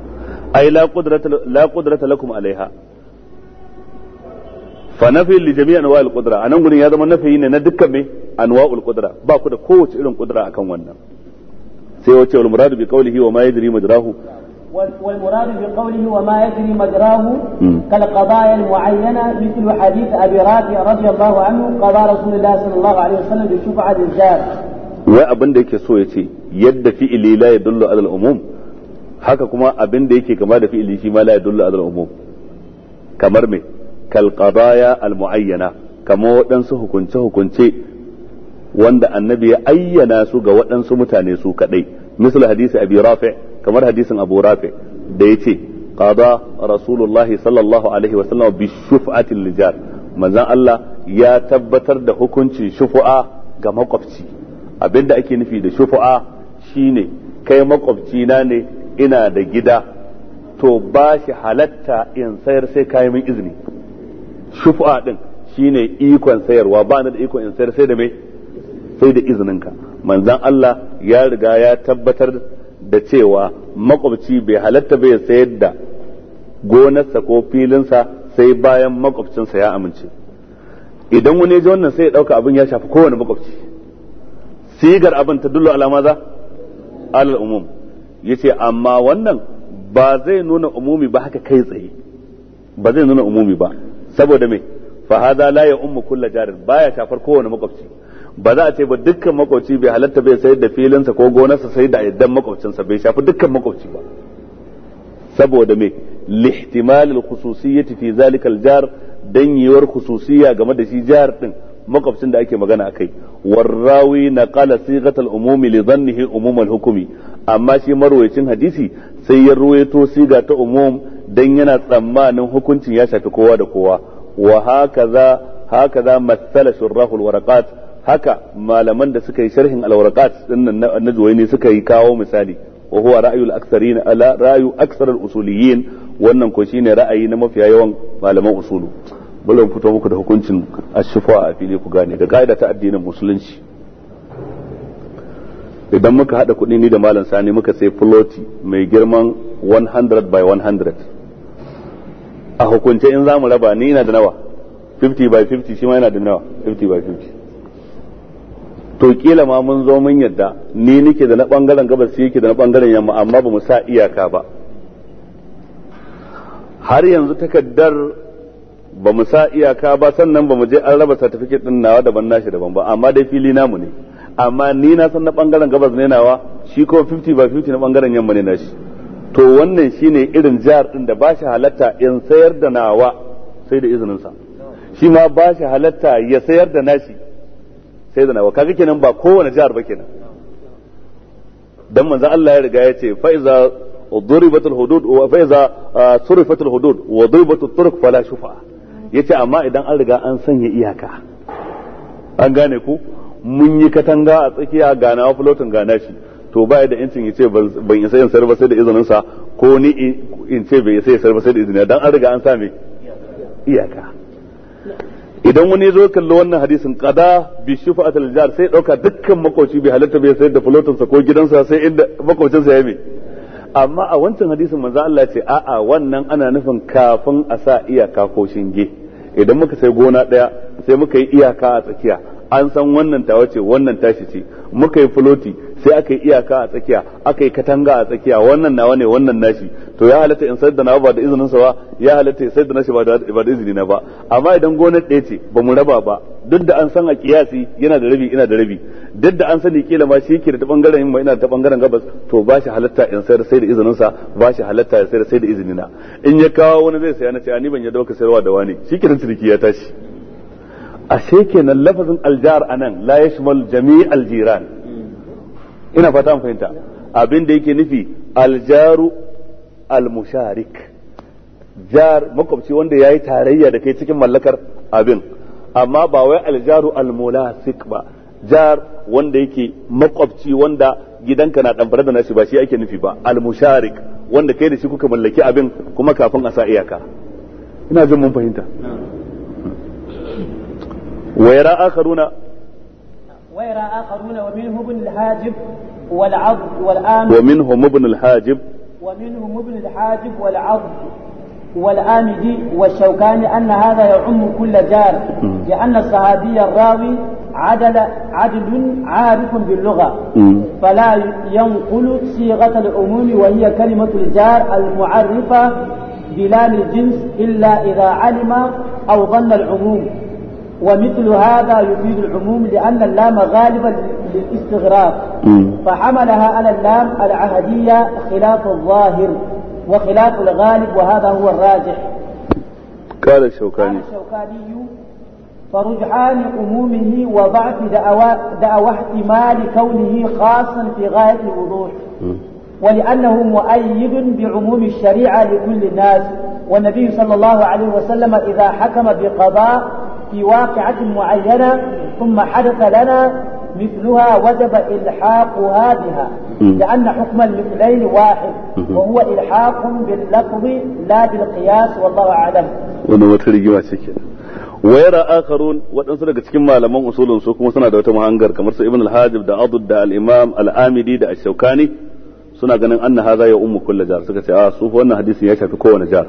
ai la qudrata la qudrata lakum alaiha fa nafi li jami'i anwa'il qudra anan gurin ya zama nafi ne na dukkan me anwa'ul qudra ba ku da kowace irin kudura akan wannan sai wace wal muradu bi qawlihi wa ma yadri majrahu والمراد بقوله وما يجري مجراه كالقضايا المعينه مثل حديث ابي رافع رضي الله عنه قضى رسول الله صلى الله عليه وسلم بشفعه الجار wai abin da yake so ya ce yadda fi'ili la yadullu alal umum haka kuma abin da yake kama da fi'ili shi ma la yadullu alal umum kamar me kal qadaya al muayyana kamar waɗansu hukunce hukunce wanda annabi ya ayyana su ga waɗansu mutane su kadai misal hadisi abi rafi kamar hadisin abu rafi da yace qada rasulullahi sallallahu alaihi wasallam bi shuf'atil lijar manzon Allah ya tabbatar da hukuncin shufu'a ga makwabci abinda ake nufi da shufa'a shine kai makwabci na ne ina da gida to ba shi halatta in sayar sai kayi min izini shufa'a din shine ikon sayarwa ba na da ikon in sayar sai da me sai da izininka manzan Allah ya riga ya tabbatar da cewa makwabci bai halatta bai sayar da gonarsa ko filinsa sai bayan makwabcinsa ya amince idan wani ya ji wannan sai ya dauka abin ya shafi kowane makwabci sigar abin ta dullo ala maza alal umum yace amma wannan ba zai nuna umumi ba haka kai tsaye ba zai nuna umumi ba saboda me fa hada la ya ummu kullu jarin baya shafar kowane makwabci ba za a ce ba dukkan makwabci bai halatta bai sayar da filinsa ko gonarsa sai da yaddan makwabcinsa bai shafi dukkan makwabci ba saboda me lihtimal al-khususiyyati fi zalika al-jar dan yiwar khususiyya game da shi jar din makwabcin da ake magana akai warrawi na qala sigatal umumi li dhannihi umum al amma shi marwayacin hadisi sai ya ruwaito siga ta umum dan yana tsammanin hukuncin ya shafi kowa da kowa wa hakaza hakaza mathala shurrahul waraqat haka malaman da suka yi sharhin al waraqat dinnan na juwaini suka yi kawo misali wa huwa ra'yul aktharin ala ra'yu aktsar usuliyin wannan ko shine ra'ayi na mafiya yawan malaman usulu bala mu fito muku da hukuncin ashifa a fili ku gane da ka'ida ta addinin musulunci idan muka hada kuɗi ni da malam sani muka sai floti mai girman 100 by 100 a hukunce in zamu raba ni na da nawa 50 by 50 shi ma yana da nawa 50 by 50 to kila ma mun zo mun yadda ni nike da na bangaren gabas shi yake da na bangaren yamma amma ba mu sa iyaka ba har yanzu takaddar ba mu sa iyaka ba sannan ba mu je an raba certificate din nawa daban nashi daban ba amma dai fili namu ne amma ni na san na bangaren gabas ne nawa shi ko 50 ba 50 na bangaren yamma ne nashi to wannan shine irin jihar din da ba shi halatta in sayar da nawa sai da izinin sa shi ma ba shi halatta ya sayar da nashi sai da nawa kaga kenan ba kowane jihar ba kenan dan manzo Allah ya riga ya ce fa iza ضربت الحدود وفإذا صرفت الحدود وضربت الطرق فلا شفعة yace amma idan an riga an sanya iyaka an gane ku? mun yi katanga a tsakiya ga na floating ga shi. to ba da incin yace ban isa yin sarba sai da izinin sa ko ni in ce bai isa yin sarba sai da izini dan an riga an same iyaka idan wani zo kalli wannan hadisin qada bi shufa'at al-jar sai dauka dukkan makoci bai halatta bai sayar da floating sa ko gidansa sai inda makocin sa ya mai amma a wancan hadisin manzo Allah ce a'a wannan ana nufin kafin a sa iyaka ko shinge idan muka sai gona ɗaya sai muka yi iyaka a tsakiya an san wannan tawa ce wannan tashi ce muka yi floti sai aka yi iyaka a tsakiya aka yi katanga a tsakiya wannan nawa ne wannan nashi to ya halatta in sayar da nawa ba da izinin sa ba ya halatta in sayar da nashi ba da izini na ba amma idan gonar ɗaya ce ba mu raba ba duk da an san a kiyasi yana da rabi ina da rabi duk da an sani kila ma shi yake da ta bangaren ma ina da ta bangaren gabas to ba shi halatta in sayar sai da izinin sa ba shi halatta ya sayar sai da izini na in ya kawo wani zai saya na ce ni ban yadda baka sayarwa da wani shi kiran ciniki ya tashi ashe kenan lafazin aljar anan la yashmal jami' aljiran ina fata an fahimta abin da yake nufi aljaru almusharik jar makwabci wanda yayi tarayya da kai cikin mallakar abin amma ba wai aljaru almulasik ba jar wanda yake makwabci wanda gidanka na damfare da nashi ba shi ake nufi ba almusharik wanda kai da shi kuka mallaki abin kuma kafin a sa iyaka ina jin mun fahimta ويرى آخرون ويرى آخرون ومنهم ابن الحاجب والعض والآمن ومنهم ابن الحاجب ومنهم ابن الحاجب والعض والآمدي والشوكاني أن هذا يعم كل جار لأن الصحابي الراوي عدل عدل عارف باللغة فلا ينقل صيغة العموم وهي كلمة الجار المعرفة بلام الجنس إلا إذا علم أو ظن العموم ومثل هذا يفيد العموم لأن اللام غالبا للاستغراق فحملها على اللام العهدية خلاف الظاهر وخلاف الغالب وهذا هو الراجح قال الشوكاني قال الشوكاني فرجحان عمومه وضعف دعوى احتمال كونه خاصا في غاية الوضوح ولأنه مؤيد بعموم الشريعة لكل الناس والنبي صلى الله عليه وسلم إذا حكم بقضاء في واقعة معينة ثم حدث لنا مثلها وجب إلحاقها بها لأن حكم المثلين واحد وهو إلحاق باللفظ لا بالقياس والله أعلم wannan wata rigima ce ke wayar akharun waɗansu cikin malaman usulun su kuma suna da wata muhangar kamar su ibn al-hajib da adud da al-imam al-amidi da ash-shawkani suna ganin anna hadha ya ummu kullu jar suka ce a su wannan hadisin ya shafi kowane jar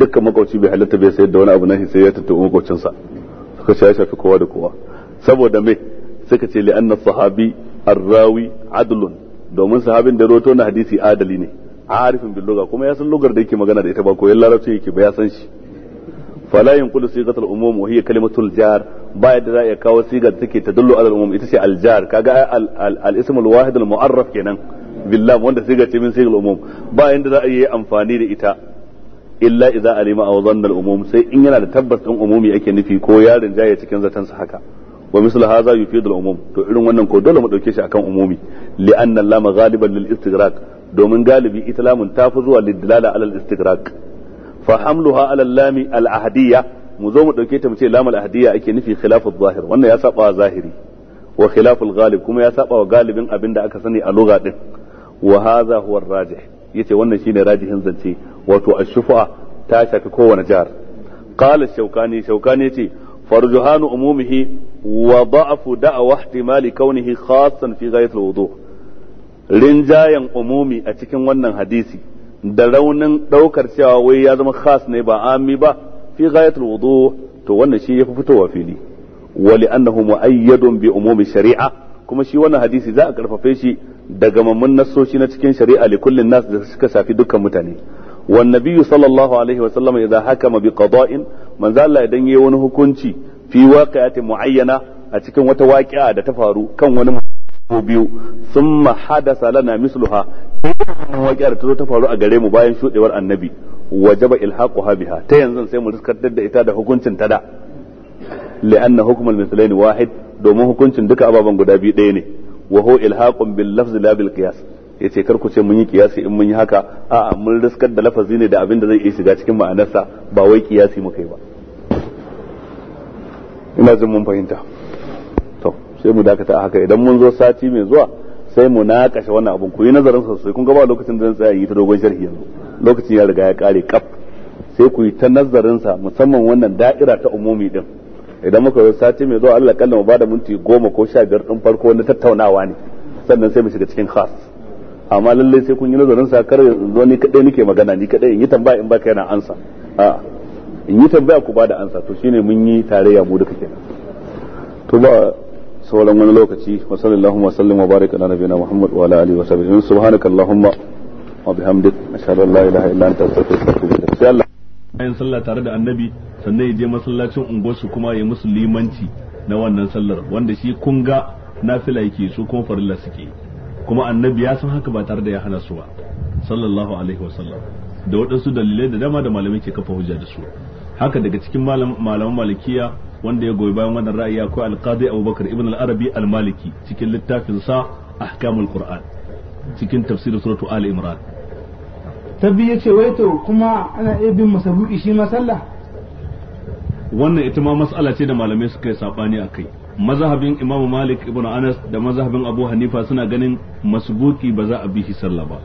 dukkan makauci bai halatta bai sayar da wani abu nan sai ya tattu tattauna sa suka ce ya shafi kowa da kowa saboda me suka ce li anna sahabi arrawi adlun domin sahabin da roto na hadisi adali ne arifin bil lugha kuma ya san lugar da yake magana da ita ba koyon larabci yake ba ya san shi fala yanqulu sigat al umum wa hiya kalimatul jar ba yadda za ya kawo sigar take ta ala al umum ita ce al jar kaga al al ism al wahid al mu'arraf kenan billah wanda sigar ce min sigar al umum ba yadda za a yi amfani da ita illa idza alima aw dhanna al umum sai in yana da tabbas din umumi ake nufi ko yarin jaya cikin zaton sa haka wa mislu hadha yufidu al umum to irin wannan ko dole mu dauke shi akan umumi li anna lama ghaliban lil istighraq domin galibi ita lamun ta fi zuwa lidlala ala al istighraq fa hamluha ala al ahdiyya mu zo mu dauke ta mu ce lam al ahdiyya ake nufi khilaf al zahir wannan ya saba zahiri wa khilaf al ghalib kuma ya saba wa galibin abinda aka sani a lugha din wa hadha huwa ar rajih yace wannan shine rajihin zance wato a shufa ta shafi kowane jihar qala shaukani shaukani yace farjuhanu umumihi wa da'afu da'awa ihtimali kaunihi khassan fi ghayat al rinjayan umumi a cikin wannan hadisi da raunin daukar cewa wai ya zama khas ne ba ami ba fi ghayat al to wannan shi yafi fitowa fili wa li'annahu mu'ayyadun bi umumi shari'a kuma shi wannan hadisi za a karfafe shi daga mamman nasoshi na cikin shari'a li kullin nas da suka shafi dukkan mutane wan nabiyyu sallallahu alaihi wasallam idza hakama bi qada'in manzo Allah idan yayi wani hukunci fi waqi'atin muayyana a cikin wata waqi'a da ta faru kan wani ko biyu summa hadasa lana misluha sai wannan waqi'a da ta zo ta faru a gare mu bayan shudewar annabi wajaba ilhaquha biha ta yanzu sai mu riskar da ita da hukuncin ta da li'anna hukmul mithlain wahid domin hukuncin duka ababan guda biyu ɗaya ne waho ilhaƙun ilhaqun bil lafzi la ya ce kar ku ce mun yi kiyasi in mun yi haka a'a mun riskar da lafazi ne da abin da zai iya shiga cikin ma'anarsa ba wai kiyasi muka yi ba ina jin mun fahimta to sai mu dakata haka idan mun zo sati mai zuwa sai mu naƙashe wannan abun ku yi nazarin sosai kun ga ba lokacin da zan tsaya yi ta dogon sharhi yanzu lokacin ya riga ya kare kaf sai ku yi ta nazarin sa musamman wannan da'ira ta umumi din idan muka zo sati mai zuwa Allah kallon mu bada minti goma ko sha biyar din farko na tattaunawa ne sannan sai mu shiga cikin khas amma lalle sai kun yi nazarin sa kar zo ni kadai nake magana ni kadai in yi tambaya in baka yana ansa a in yi tambaya ku bada ansa to shine mun yi tarayya mu duka kenan to ba sauran wani lokaci wa sallallahu wa sallam wa baraka ala nabiyina muhammad wa ala alihi wa sahbihi subhanaka allahumma wa bihamdik ashhadu an la ilaha illa anta astaghfiruka wa atubu ilayk sai ayin sallah tare da annabi sannan ya je masallacin unguwarsu kuma ya musu limanci na wannan sallar wanda shi kun ga nafila yake su kuma farilla suke yi kuma annabi ya san haka ba tare da ya hana su ba sallallahu alaihi wasallam da waɗansu dalilai da dama da malamai ke kafa hujja da su haka daga cikin malaman malikiya wanda ya goyi bayan wannan ra'ayi akwai alqadi abubakar ibn al-arabi al-maliki cikin littafin sa ahkamul qur'an cikin tafsirin suratu ali imran tabbi yace wai to kuma ana iya bin masabuki shi ma wannan ita ma mas'ala ce da malamai suka yi sabani akai mazhabin imamu malik ibn anas da mazhabin abu hanifa suna ganin masbuki ba za a bi shi sallah ba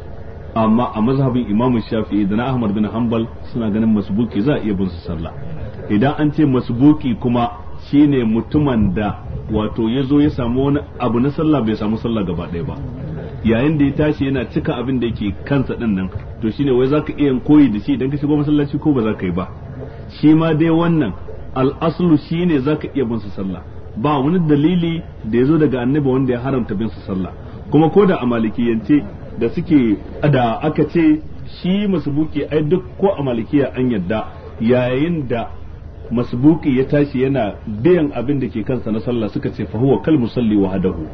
amma a mazhabin imamu shafi'i da na ahmad bin hanbal suna ganin masbuki za a iya bin su sallah idan an ce masbuki kuma shine mutumin da wato ya zo ya samu wani abu na sallah bai samu sallah gaba ɗaya ba yayin da ya tashi yana cika abin da yake kansa din nan to shine wai zaka iya koyi da shi idan ka shigo masallaci ko ba za ka yi ba shi ma dai wannan al'aslu shine zaka iya bin su sallah ba wani dalili da ya zo daga annabi wanda ya haramta bin su sallah kuma ko da a malikiyance da suke da aka ce shi masubuki ai duk ko a malikiya an yadda yayin da masubuki ya tashi yana biyan abin da ke kansa na sallah suka ce fa huwa kal musalli wahdahu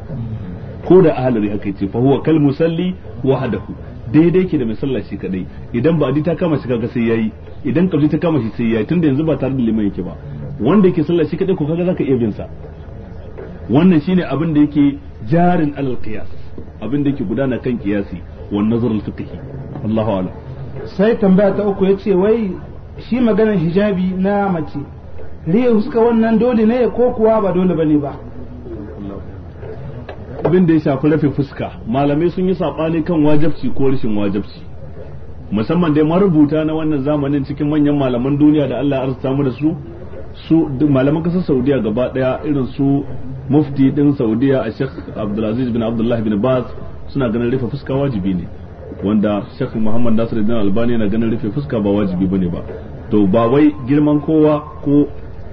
ko da haka ce fa huwa kal musalli wahdahu daidai ke da mai shi kadai idan ba ta kama shi kaga sai yayi idan kabli ta kama shi sai yayi tunda yanzu ba tare da liman yake ba wanda yake sallah shi kadai ko kaga zaka iya bin sa wannan shine abin da yake jarin alal qiyas abin da yake gudana kan qiyasi wan nazarul fiqhi Allahu a'lam sai tambaya ta uku yace wai shi maganar hijabi na mace riya suka wannan dole ne ko kuwa ba dole bane ba abin da ya shafi rafe fuska malamai sun yi saɓani kan wajabci ko rashin wajabci musamman dai marubuta na wannan zamanin cikin manyan malaman duniya da Allah arzuta mu da su su malaman kasar Saudiya gaba daya irin su mufti din Saudiya a Sheikh Abdulaziz bin Abdullah bin Baz suna ganin rufe fuska wajibi ne wanda Sheikh Muhammad Nasiruddin Albani yana ganin rufe fuska ba wajibi bane ba to ba wai girman kowa ko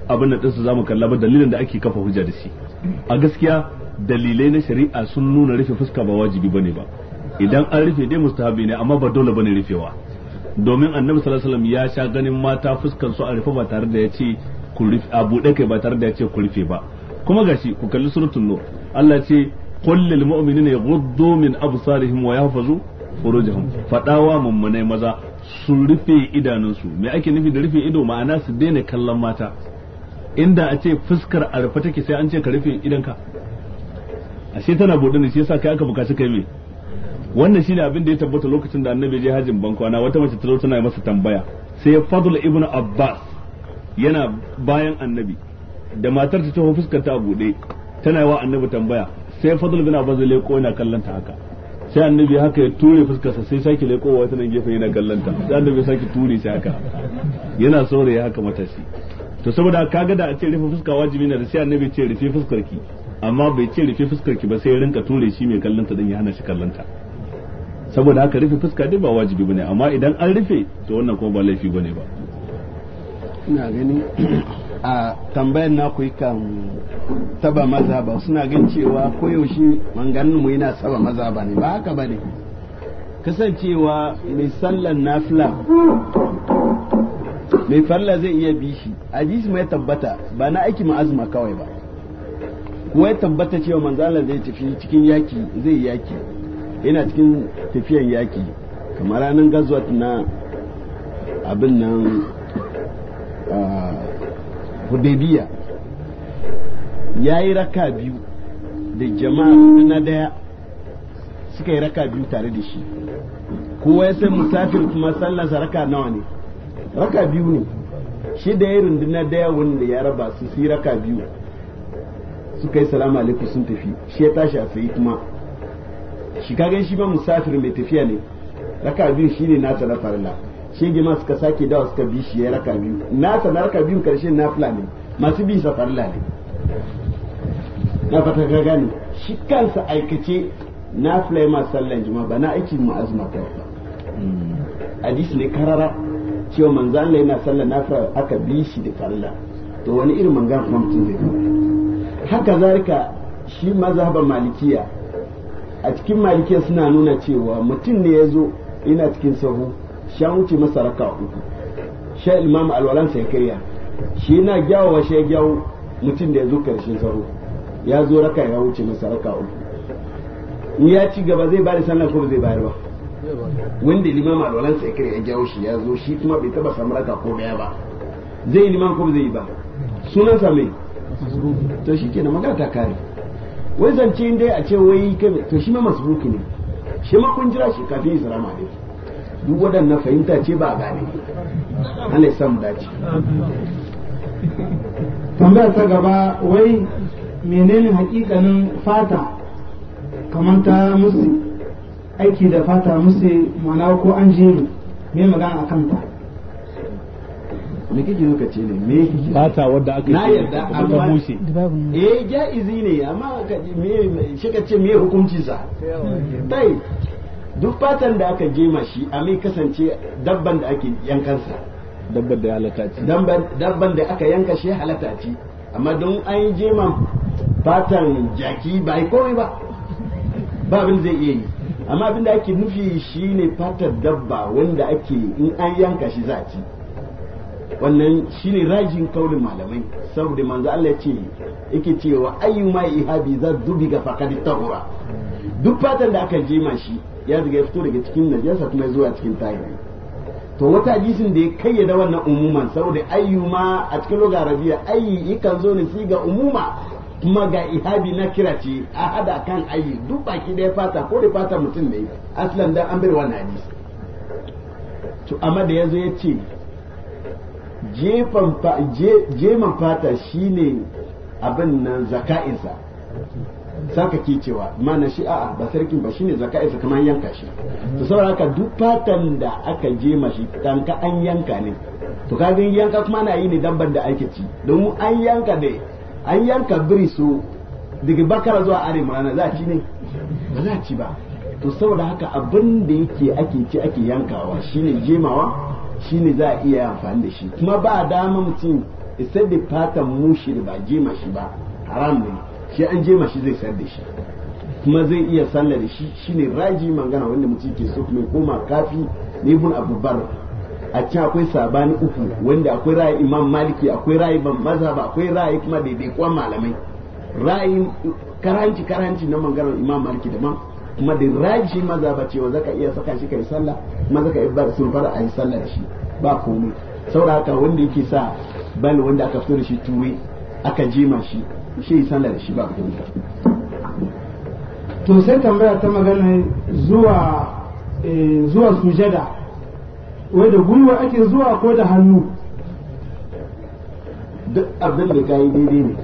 abin da dinsa zamu kalla ba dalilin da ake kafa hujja da shi a gaskiya dalilai na shari'a sun nuna rufe fuska ba wajibi bane ba idan an rufe dai mustahabi ne amma ba dole bane rufewa domin annabi sallallahu alaihi wasallam ya sha ganin mata fuskan su a rufe ba tare da ya ce ku rufe a bude kai ba tare da ya ce ku rufe ba kuma gashi ku kalli suratul nur Allah ce qul lil mu'minina yaghuddu min absarihim wa yahfazu furujahum fadawa mummunai maza su rufe idanunsu me ake nufi da rufe ido ma'ana su daina kallon mata inda a ce fuskar a rufe take sai an ce ka rufe idanka ashe tana bude ne shi yasa kai aka bukaci kai me wannan shine abin da ya tabbata lokacin da annabi je hajjin bankwana wata mace ta zo tana masa tambaya sai fadl ibn abbas yana bayan annabi da matar ta ta fuskar ta bude tana wa annabi tambaya sai fadl ibn abbas ya leko yana kallon ta haka sai annabi haka ya ture fuskarsa sai sake leko wata nan gefe yana kallon ta sai annabi ya sake ture shi haka yana saurayi haka matashi to saboda kaga da a ce rufe fuska wajibi ne da sai annabi ce rufe fuskar ki amma bai ce rufe fuskar ki ba sai rinka ture shi mai kallon ta dan ya hana shi kallon ta saboda haka rufe fuska dai ba wajibi bane amma idan an rufe to wannan kuma ba laifi bane ba ina gani a tambayar na ku kan saba mazhaba suna gan cewa koyaushe manganin mu yana saba mazhaba ne ba haka bane kasancewa mai sallan nafila mai farla zai iya bi shi hadisi mai tabbata ba na aiki ma'azuma kawai ba kuwa ya tambata cewa manzala zai tafi cikin yaki zai yaki yana cikin tafiyan yaki kamar ranar gazwat na abin nan hudebiya ya yi raka biyu da jama'a na daya suka yi raka biyu tare da shi kowa ya san musafir kuma sallarsa raka nawa ne raka biyu ne shi da ya runduna daya wanda ya raba su su raka biyu suka yi salamu alaikum sun tafi shi ya tashi a tsaye kuma shi kaga shi ba musafir mai tafiya ne raka biyu shine nasa na farilla shi gima suka sake dawa suka bi shi ya raka biyu nasa na raka biyu karshen nafila ne masu bi sa farilla ne na fata ka gane shi kansa aikace nafila ya masu sallan juma ba na aiki mu azuma kai hadisi ne karara cewa manzo Allah yana sallan nafila aka bi shi da farilla to wani irin mangan kuma mutum zai haka zarika shi mazhaban malikiya a cikin malikiya suna nuna cewa mutum ne ya zo ina cikin sahu shan wuce masa raka uku sha imam alwalan ya karya shi na gyawawa shi ya gyawo mutum da ya zo karshen sahu ya zo raka ya wuce masa raka uku in ya ci gaba zai bada sallah ko zai bayar ba wanda limam alwalan ya karya ya gyawo shi ya zo shi kuma bai taba samu raka ko ba zai liman ko zai yi ba sunan mai to shi kenan magana ta kare wai zance dai a ce wai kai to shi ma masruki ne shi ma kun jira shi kafin ma dai duk waɗannan fahimta ce ba gane Allah ya samu dace tambayar ta gaba wai menene hakikanin fata kamar ta musu aiki da fata musu ma'ana ko an je me magana a ta. me kike zo ka ne me kike ba ta wanda aka na yarda amma mushe eh jaizi ne amma ka me shi ka ce me hukunci sa dai duk fatan da aka jema shi a mai kasance dabban da ake yankansa dabban da ya halata ci dabban da aka yanka shi halata ci amma don an yi jema fatan jaki ba yi komai ba ba abin zai iya yi amma abin da ake nufi shi ne fatar dabba wanda ake in an yanka shi za a ci wannan shine rajin kaulin malamai saboda manzo Allah ce yake cewa ayyu ma ihabi za dubi ga faqad tahura duk fatan da aka jima shi ya riga ya fito daga cikin najasa kuma zuwa cikin tahiri to wata hadisin da ya kayyada wannan umuman saboda ayyu ma a cikin lugha arabiya ayyi yakan zo ne siga umuma kuma ga ihabi na kira ce a hada kan ayi duk baki da ya fata ko da fata mutum ne aslan dan an bai wannan hadisi to amma da yazo ya ce jefan fata shine abin nan zaka'isa saka ke cewa mana shi a'a ba sarkin ba shine zaka'isa kamar yanka shi to saboda haka duk fatan da aka jema shi dan ka an yanka ne to ga yanka kuma na yi ne dan da ake ci Don an yanka ne an yanka biri so daga bakara zuwa arewa za ci ne ba za ci ba to saboda haka abin da yake ake ci ake yankawa shine jemawa shine za a iya amfani da shi kuma ba dama mutum isar da fatan mushi da ba jima shi ba haram ne shi an jima shi zai sayar da shi kuma zai iya sallar da shi shine raji magana wanda mutum ke so kuma koma kafi ne ibn abubar a can akwai sabani uku wanda akwai ra'ayi imam maliki akwai ra'ayi ban ba akwai ra'ayi kuma daidaikuwan malamai ra'ayi karanci karanci na maganar imam maliki daban kuma da raji maza ba cewa zaka iya saka shi kai sallah maza ka iya sun fara a yi sallah da shi ba komai saboda haka wanda yake sa bal wanda aka fito da shi turai aka jima shi shi yi sallah da shi ba komai to sai tambaya ta magana zuwa eh, zuwa sujada wai da gwiwa ake zuwa ko da hannu duk abin da ka yi daidai ne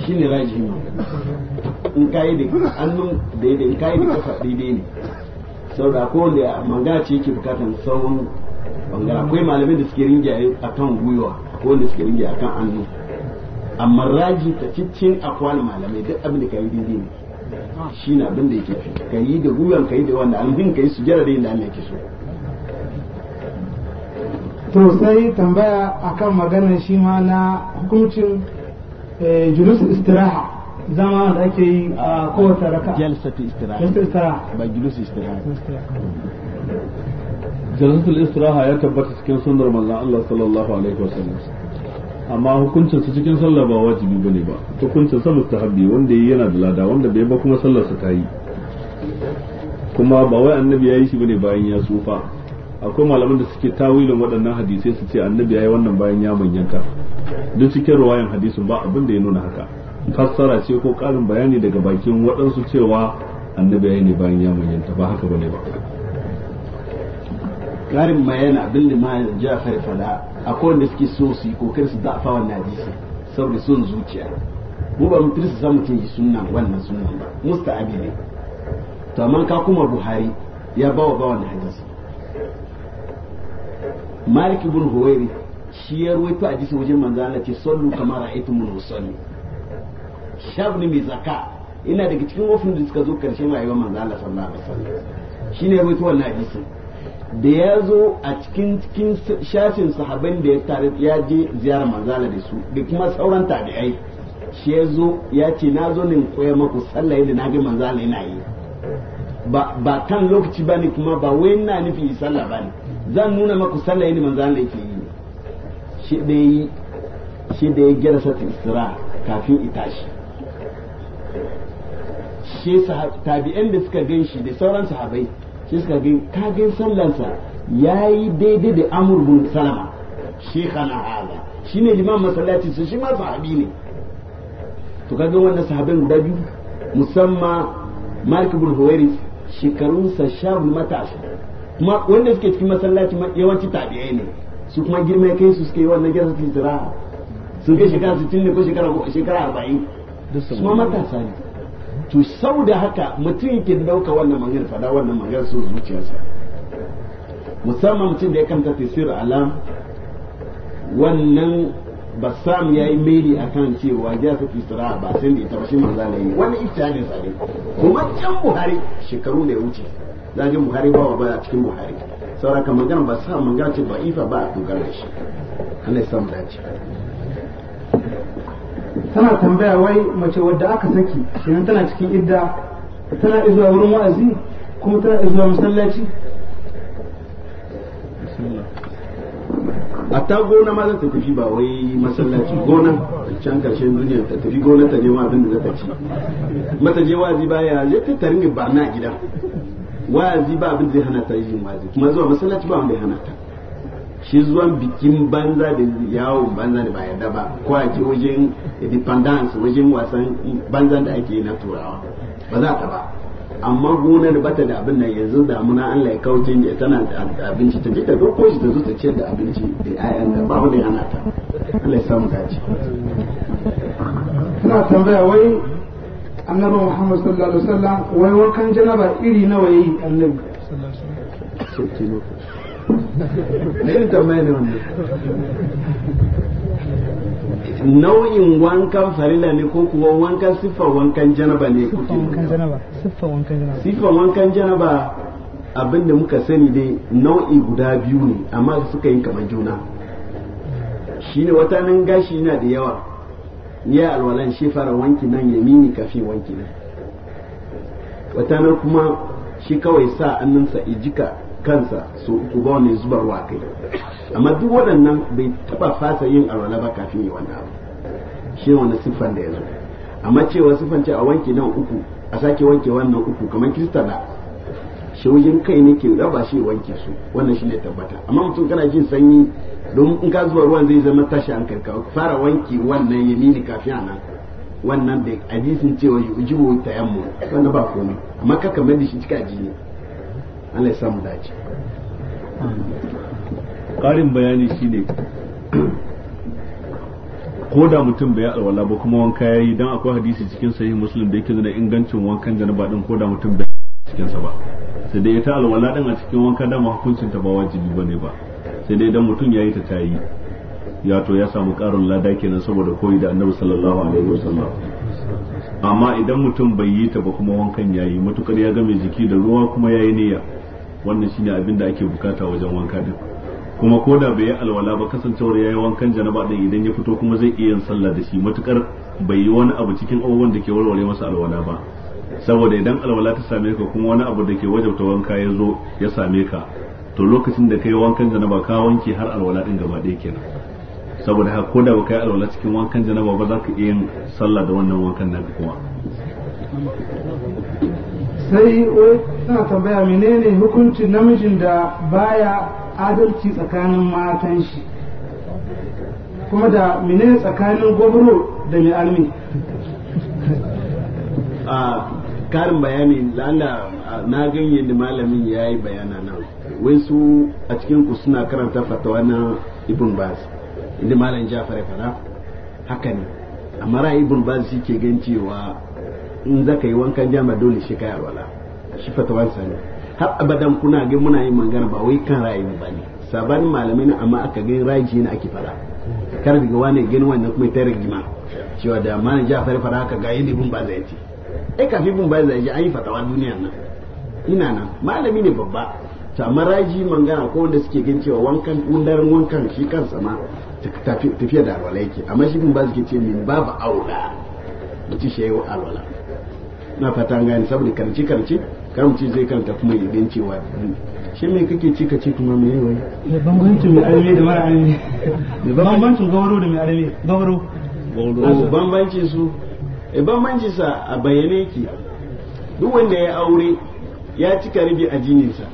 shi ne rajima in kayi da hannun yadda in kayi da kafa daidai ne da ko da mangana ce yake bukatan sauran bangare akwai malamai da suke a kan gwiwa ko wanda suke a kan hannu amma raji ta cikin akwai malamai duk abin da kayi daidai ne shi na abin da yake fi ka yi da gwiwan ka yi da wanda alhin ka kayi su jira da yin da so to sai tambaya akan maganar shi ma na hukuncin eh, julus istiraha zama da ake yi a kowace raka jalsatu istira ba julus jalsatul istiraha ya tabbata cikin sunnar manzon Allah sallallahu alaihi wasallam amma hukuncin su cikin sallah ba wajibi bane ba hukuncin sa mustahabi wanda yi yana da lada wanda bai ba kuma sallar sa ta yi kuma ba wai annabi yayi shi bane bayan ya tsufa akwai malaman da suke tawilin waɗannan hadisai su ce annabi ya yi wannan bayan ya manyanta duk cikin ruwayan hadisin ba abin da ya nuna haka fassara ce ko ƙarin bayani daga bakin waɗansu cewa annabi ya ne bayan ya manyanta ba haka bane ba ƙarin bayani abin da ma jafar fada akwai wanda suke so su yi kokarin su dafa wannan hadisi saboda son zuciya mu ba mu tirsa samu tun yi sunna wannan sunna ba musta'abi ne to amma ka kuma buhari ya bawa ba wannan hadisi malik ibn huwairi shi ya ruwaito hadisi wajen manzo Allah ce sallu kamar ra'aytumul musalli shafin mai zaka ina daga cikin wofin da suka zo karshen rayuwar manzo Allah sallallahu alaihi wasallam shine ruwaito wannan hadisi da ya zo a cikin cikin shafin sahabban da ya tare ya je ziyarar manzo Allah da su da kuma sauran tabi'ai shi ya zo ya ce na zo ne koya muku sallah yadda na ga manzo Allah yana yi ba ba kan lokaci ba ne kuma ba wai ina nufi sallah ba ne zan nuna muku sallah yadda manzo Allah yake yi shi da yi shi da ya gyara sa istira kafin itashi shi tabi'an da suka gan shi da sauran sahabai shi suka gan kagin sallansa ya yi daidai da amur bin salama shi kana hala shi ne liman masallaci su shi ma sahabi ne to kagin wannan sahabin guda biyu musamman mark bin huwairis shekarunsa sha matasa kuma wanda suke cikin masallaci yawanci tabi'ai ne su kuma girma kai su suke yi wannan gyara su tira su kai shekara sittin ne ko shekara arba'in to sau da haka mutum yake dauka wannan magana fada wannan sun su zuciyarsa musamman mutum da ya kanta tafsir alam wannan samu ya yi meri a kan cewa ya ta kisra ba sai da ita shi manza na yi wani ita ne ne kuma can buhari shekaru da ya wuce zagin buhari ba ba a cikin buhari saura ka magana ba sa magana ce ba ifa ba a dogara da shi Allah ya samu dace tana tambaya wai mace wadda aka saki idan tana cikin idda tana izuwa wurin wa'azi kuma tana izuwa masallaci a ta gona ma za ta tafi ba wai masallaci gona can karshen duniya ta tafi gona ta nema abin da za ta ci mata je wa'azi ba ya je ta tarin ba na gida wa'azi ba abin da zai hana ta yin wa'azi kuma zuwa masallaci ba wanda ya hana ta shi zuwan bikin banza da yawon banza da ba yarda ba ko a je wajen independence wajen wasan banza da ake na turawa ba za ta ba amma gonar da bata da abin nan yanzu muna Allah ya kawo ne tana da abinci ta je ta dauko shi ta zo ta ciyar da abinci da ayan da ba wanda yana ta Allah ya samu dace na tambaya wai annabi Muhammad sallallahu alaihi wasallam wai wakan janaba iri nawa yi annabi sallallahu alaihi wasallam da yin ne nau'in wankan farila ne ko kuwa wankan siffar wankan janaba ne siffar wankan janaba wankan janaba abinda muka sani dai nau'i guda biyu ne amma suka yi kamar juna ne wata nan gashi yana da yawa ya alwalan shi fara wanki nan ya mini kafin wanki nan wata nan kuma shi kawai sa annansa ijika kansa su uku ba wani wa kai amma duk waɗannan bai taba fasa yin alwala ba kafin yi wannan abu shi wani siffan da ya zo amma cewa siffan ce a wanke nan uku a sake wanke wannan uku kamar kirista da shaujin kai ne ke raba shi wanke su wannan shi ne tabbata amma mutum kana jin sanyi don in ka zuwa ruwan zai zama tashi an karka fara wanke wannan yamini kafin a nan wannan da hadisin cewa ta tayammu wannan ba komai amma ka da shi cika jini Allah ya samu dace ƙarin bayani shine ko da mutum bai alwala ba kuma wanka ya yi dan akwai hadisi cikin sahih muslim da yake nuna ingancin wankan janaba din ko da mutum bai cikin sa ba sai dai ita alwala din a cikin wanka da ma hukuncin ta ba wajibi bane ba sai dai dan mutum ya yi ta tayi ya to ya samu karin lada kenan saboda koyi da annabi sallallahu alaihi wasallam amma idan mutum bai yi ta ba kuma wankan ya yi matukar ya game jiki da ruwa kuma ya yi niyya wannan shine abin da ake bukata wajen wanka din kuma ko da bai yi alwala ba kasancewar ya yi wankan janaba din idan ya fito kuma zai iya yin sallah da shi matukar bai yi wani abu cikin abubuwan da ke warware masa alwala ba saboda idan alwala ta same ka kuma wani abu da ke wajabta wanka ya zo ya same ka to lokacin da kai wankan janaba ka wanke har alwala din gaba ɗaya kenan saboda haka ko da ba kai alwala cikin wankan janaba ba za ka iya yin sallah da wannan wankan na kuma sai wai suna tambaya menene hukuncin namijin da baya adalci tsakanin matan shi kuma da menene tsakanin gobro da mai almi a karin bayani lalla na ganye da malamin ya yi bayana nan wai su a cikin ku suna karanta fatawa na ibn bas inda malam jafar ya fada haka ne amma ra'ayi ibn baz shi ke gan cewa in zaka yi wankan jama dole shi kai alwala shi fatawansa ne har abadan kuna ga muna yin magana ba wai kan ra'ayi ba ne saban malamai na amma aka gani raji ne ake fada kar daga wani gani wannan kuma ta rigima cewa da malam jafar ya fada haka ga yin ibn baz ya ce ai kafin ibn baz ya ce an yi fatawa duniyan nan ina nan malami ne babba to amma raji mangana ko wanda suke gan cewa wankan wundar wankan shi kansa ma tafiya da alwala yake amma shi bin ba ke ce min babu aula mutum shi shayi alwala na fata gani saboda karci karci kar mutum zai karanta kuma idan cewa shi mai kake ci ka kuma me yi wai. bambancin mai arme da mara arme bambancin gauro da mai gauro gauro bambancin su e bambancin sa a bayyane ki duk wanda ya aure ya cika rabi a jininsa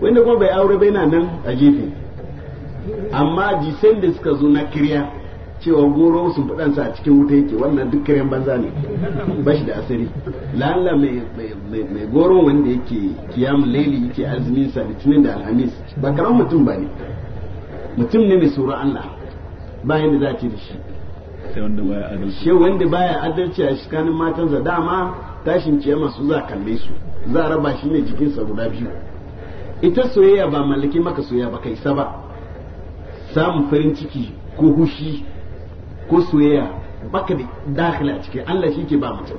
wanda kuma bai aure bai na nan a gefe amma jisan da suka zo na kirya cewa goro sun fudansa a cikin wuta yake wannan duk kiryan banza ne ba shi da asiri lalla mai goro wanda yake kiyam laili yake azumin sa litinin da alhamis ba karamin mutum ba ne mutum ne mai tsoron Allah Ba yadda za ce da shi shi wanda baya adalci a tsakanin matansa dama tashin ciyama su za kalle su za a raba shi ne jikinsa guda biyu ita soyayya ba mallaki maka soyayya ba kai sa ba samun farin ciki ko hushi ko soyayya baka da dakila a ciki Allah shi ke ba mutum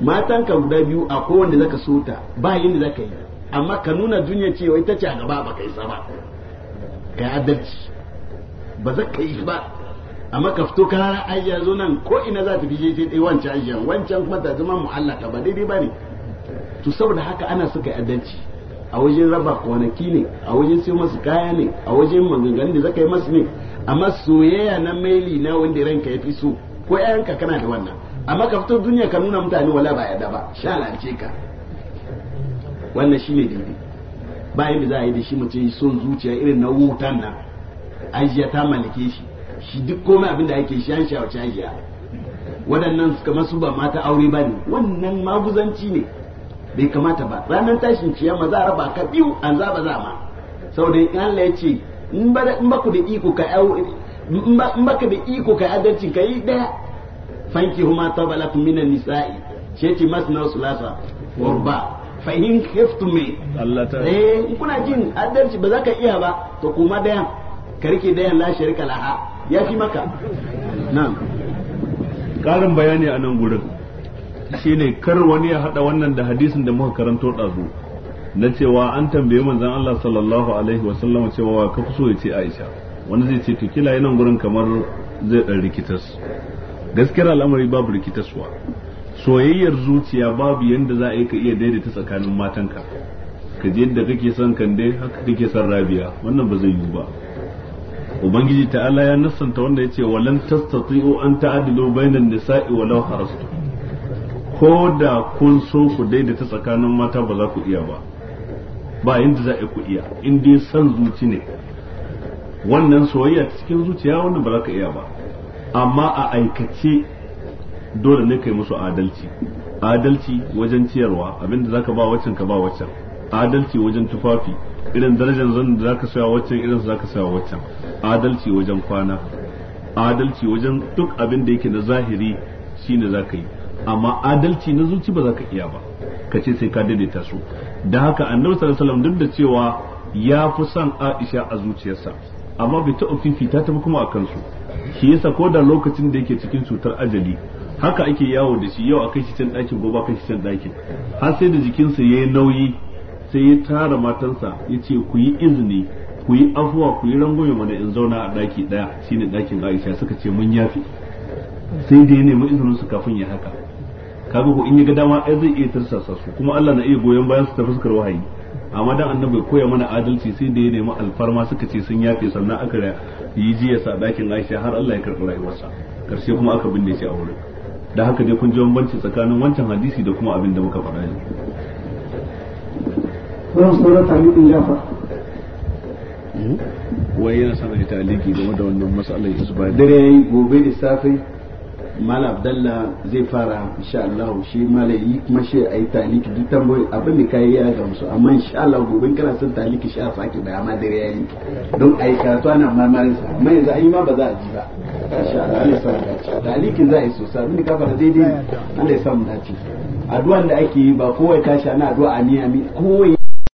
matan ka guda biyu a kowanne zaka so ta ba yin da zaka yi amma ka nuna duniya cewa ita ce a gaba baka yi sama ka adalci ba za ka yi ba amma ka fito ka rara ayya zo nan ko ina za ta bije sai wancan ayyan wancan kuma ta zama mu'allaka ba daidai ba ne to saboda haka ana suka yi adalci a wajen raba kwanaki ne a wajen siyo masu kaya ne a wajen maganganun da zaka yi masu ne amma soyayya na maili na wanda ranka ya fi so ko yayanka kana da wannan amma ka fito duniya ka nuna mutane wala ba yadda ba sha lance ka wannan shine daidai bayan da za a yi da shi mace son zuciya irin na wutan nan ajiya ta mallake shi shi duk komai abin da ake shi an shawarci ajiya waɗannan kamar su ba mata aure ba ne wannan maguzanci ne bai kamata ba ranar tashin ciyama za a raba ka biyu an za ba za ma sau in Allah ya ce in ba ku da iko ka in ba ka da iko ka adalci ka yi daya fanki huma lafi minan nisa'i ce ce masna sulasa warba fa in khiftum me eh kuna jin adalci ba za ka iya ba to kuma dayan ka rike dayan la sharika laha ya fi maka na'am karin bayani a nan gurin Shi ne kar wani ya haɗa wannan da hadisin da muka karanto dazu na cewa an tambaye manzan Allah sallallahu alaihi wa sallam cewa ka fi so ya ce Aisha wani zai ce to kila yana gurin kamar zai dan rikitas gaskiyar al'amari babu rikitaswa soyayyar zuciya babu yanda za a yi ka iya daidaita tsakanin matanka ka je yadda kake son kande haka kake son rabiya wannan ba zai yiwu ba ubangiji ta'ala ya nassanta wanda ya ce walan tastati'u an ta'adilu bainan nisa'i walau harastu ko da kun so ku daidaita tsakanin mata ba za ku iya ba ba inda za ku iya in dai san zuci ne wannan soyayya cikin zuciya wannan ba za ka iya ba amma a aikace dole ne kai musu adalci adalci wajen ciyarwa abinda ka ba waccan ka ba waccan adalci wajen tufafi irin darajar zan da za ka saya waccan irin za ka saya waccan adalci wajen kwana adalci wajen duk abin da yake na zahiri shine ka yi amma adalci na zuci ba za ka iya ba ka ce sai ka daidaita su da haka annabi sallallahu alaihi duk da cewa ya fi son Aisha a zuciyarsa amma bai taɓa fifita ta kuma a kansu shi yasa ko da lokacin da yake cikin cutar ajali haka ake yawo da shi yau a kai shi can ɗakin gobe akai shi can ɗakin har sai da jikinsa ya yi nauyi sai ya tara matansa ya ce ku yi izini ku yi afuwa ku yi rangoyi mana in zauna a ɗaki ɗaya shine ɗakin Aisha suka ce mun yafi sai da ne mu izinin su kafin ya haka kaga ko in ya ga dama ai zai iya tirsasa su kuma Allah na iya goyon bayan su ta fuskar wahayi amma dan annabi koya mana adalci sai da ya nemi alfarma suka ce sun yafe sannan aka yi jiya sa dakin Aisha har Allah ya karɓi rayuwarsa karshe kuma aka binne shi a wurin da haka dai kun ji bambanci tsakanin wancan hadisi da kuma abin da muka faɗa ne wannan sauran talibin jafa hmm? wai yana sanar da taliki game da wannan matsalar isba dare gobe da safe mala abdalla zai fara insha Allah shi malai yi kuma shi ayi taliki duk tambayoyi abin da kai ya gamsu amma insha Allah gobe kana son taliki shi a sake da amma dare yayi don ayi karatu ana marmarin sa amma yanzu ayi ma ba za a ji ba insha Allah ne sa dace talikin za a yi sosai abin da ka fara daidai Allah ya sa mu dace addu'an da ake yi ba kowai tashi ana addu'a ani ami kowai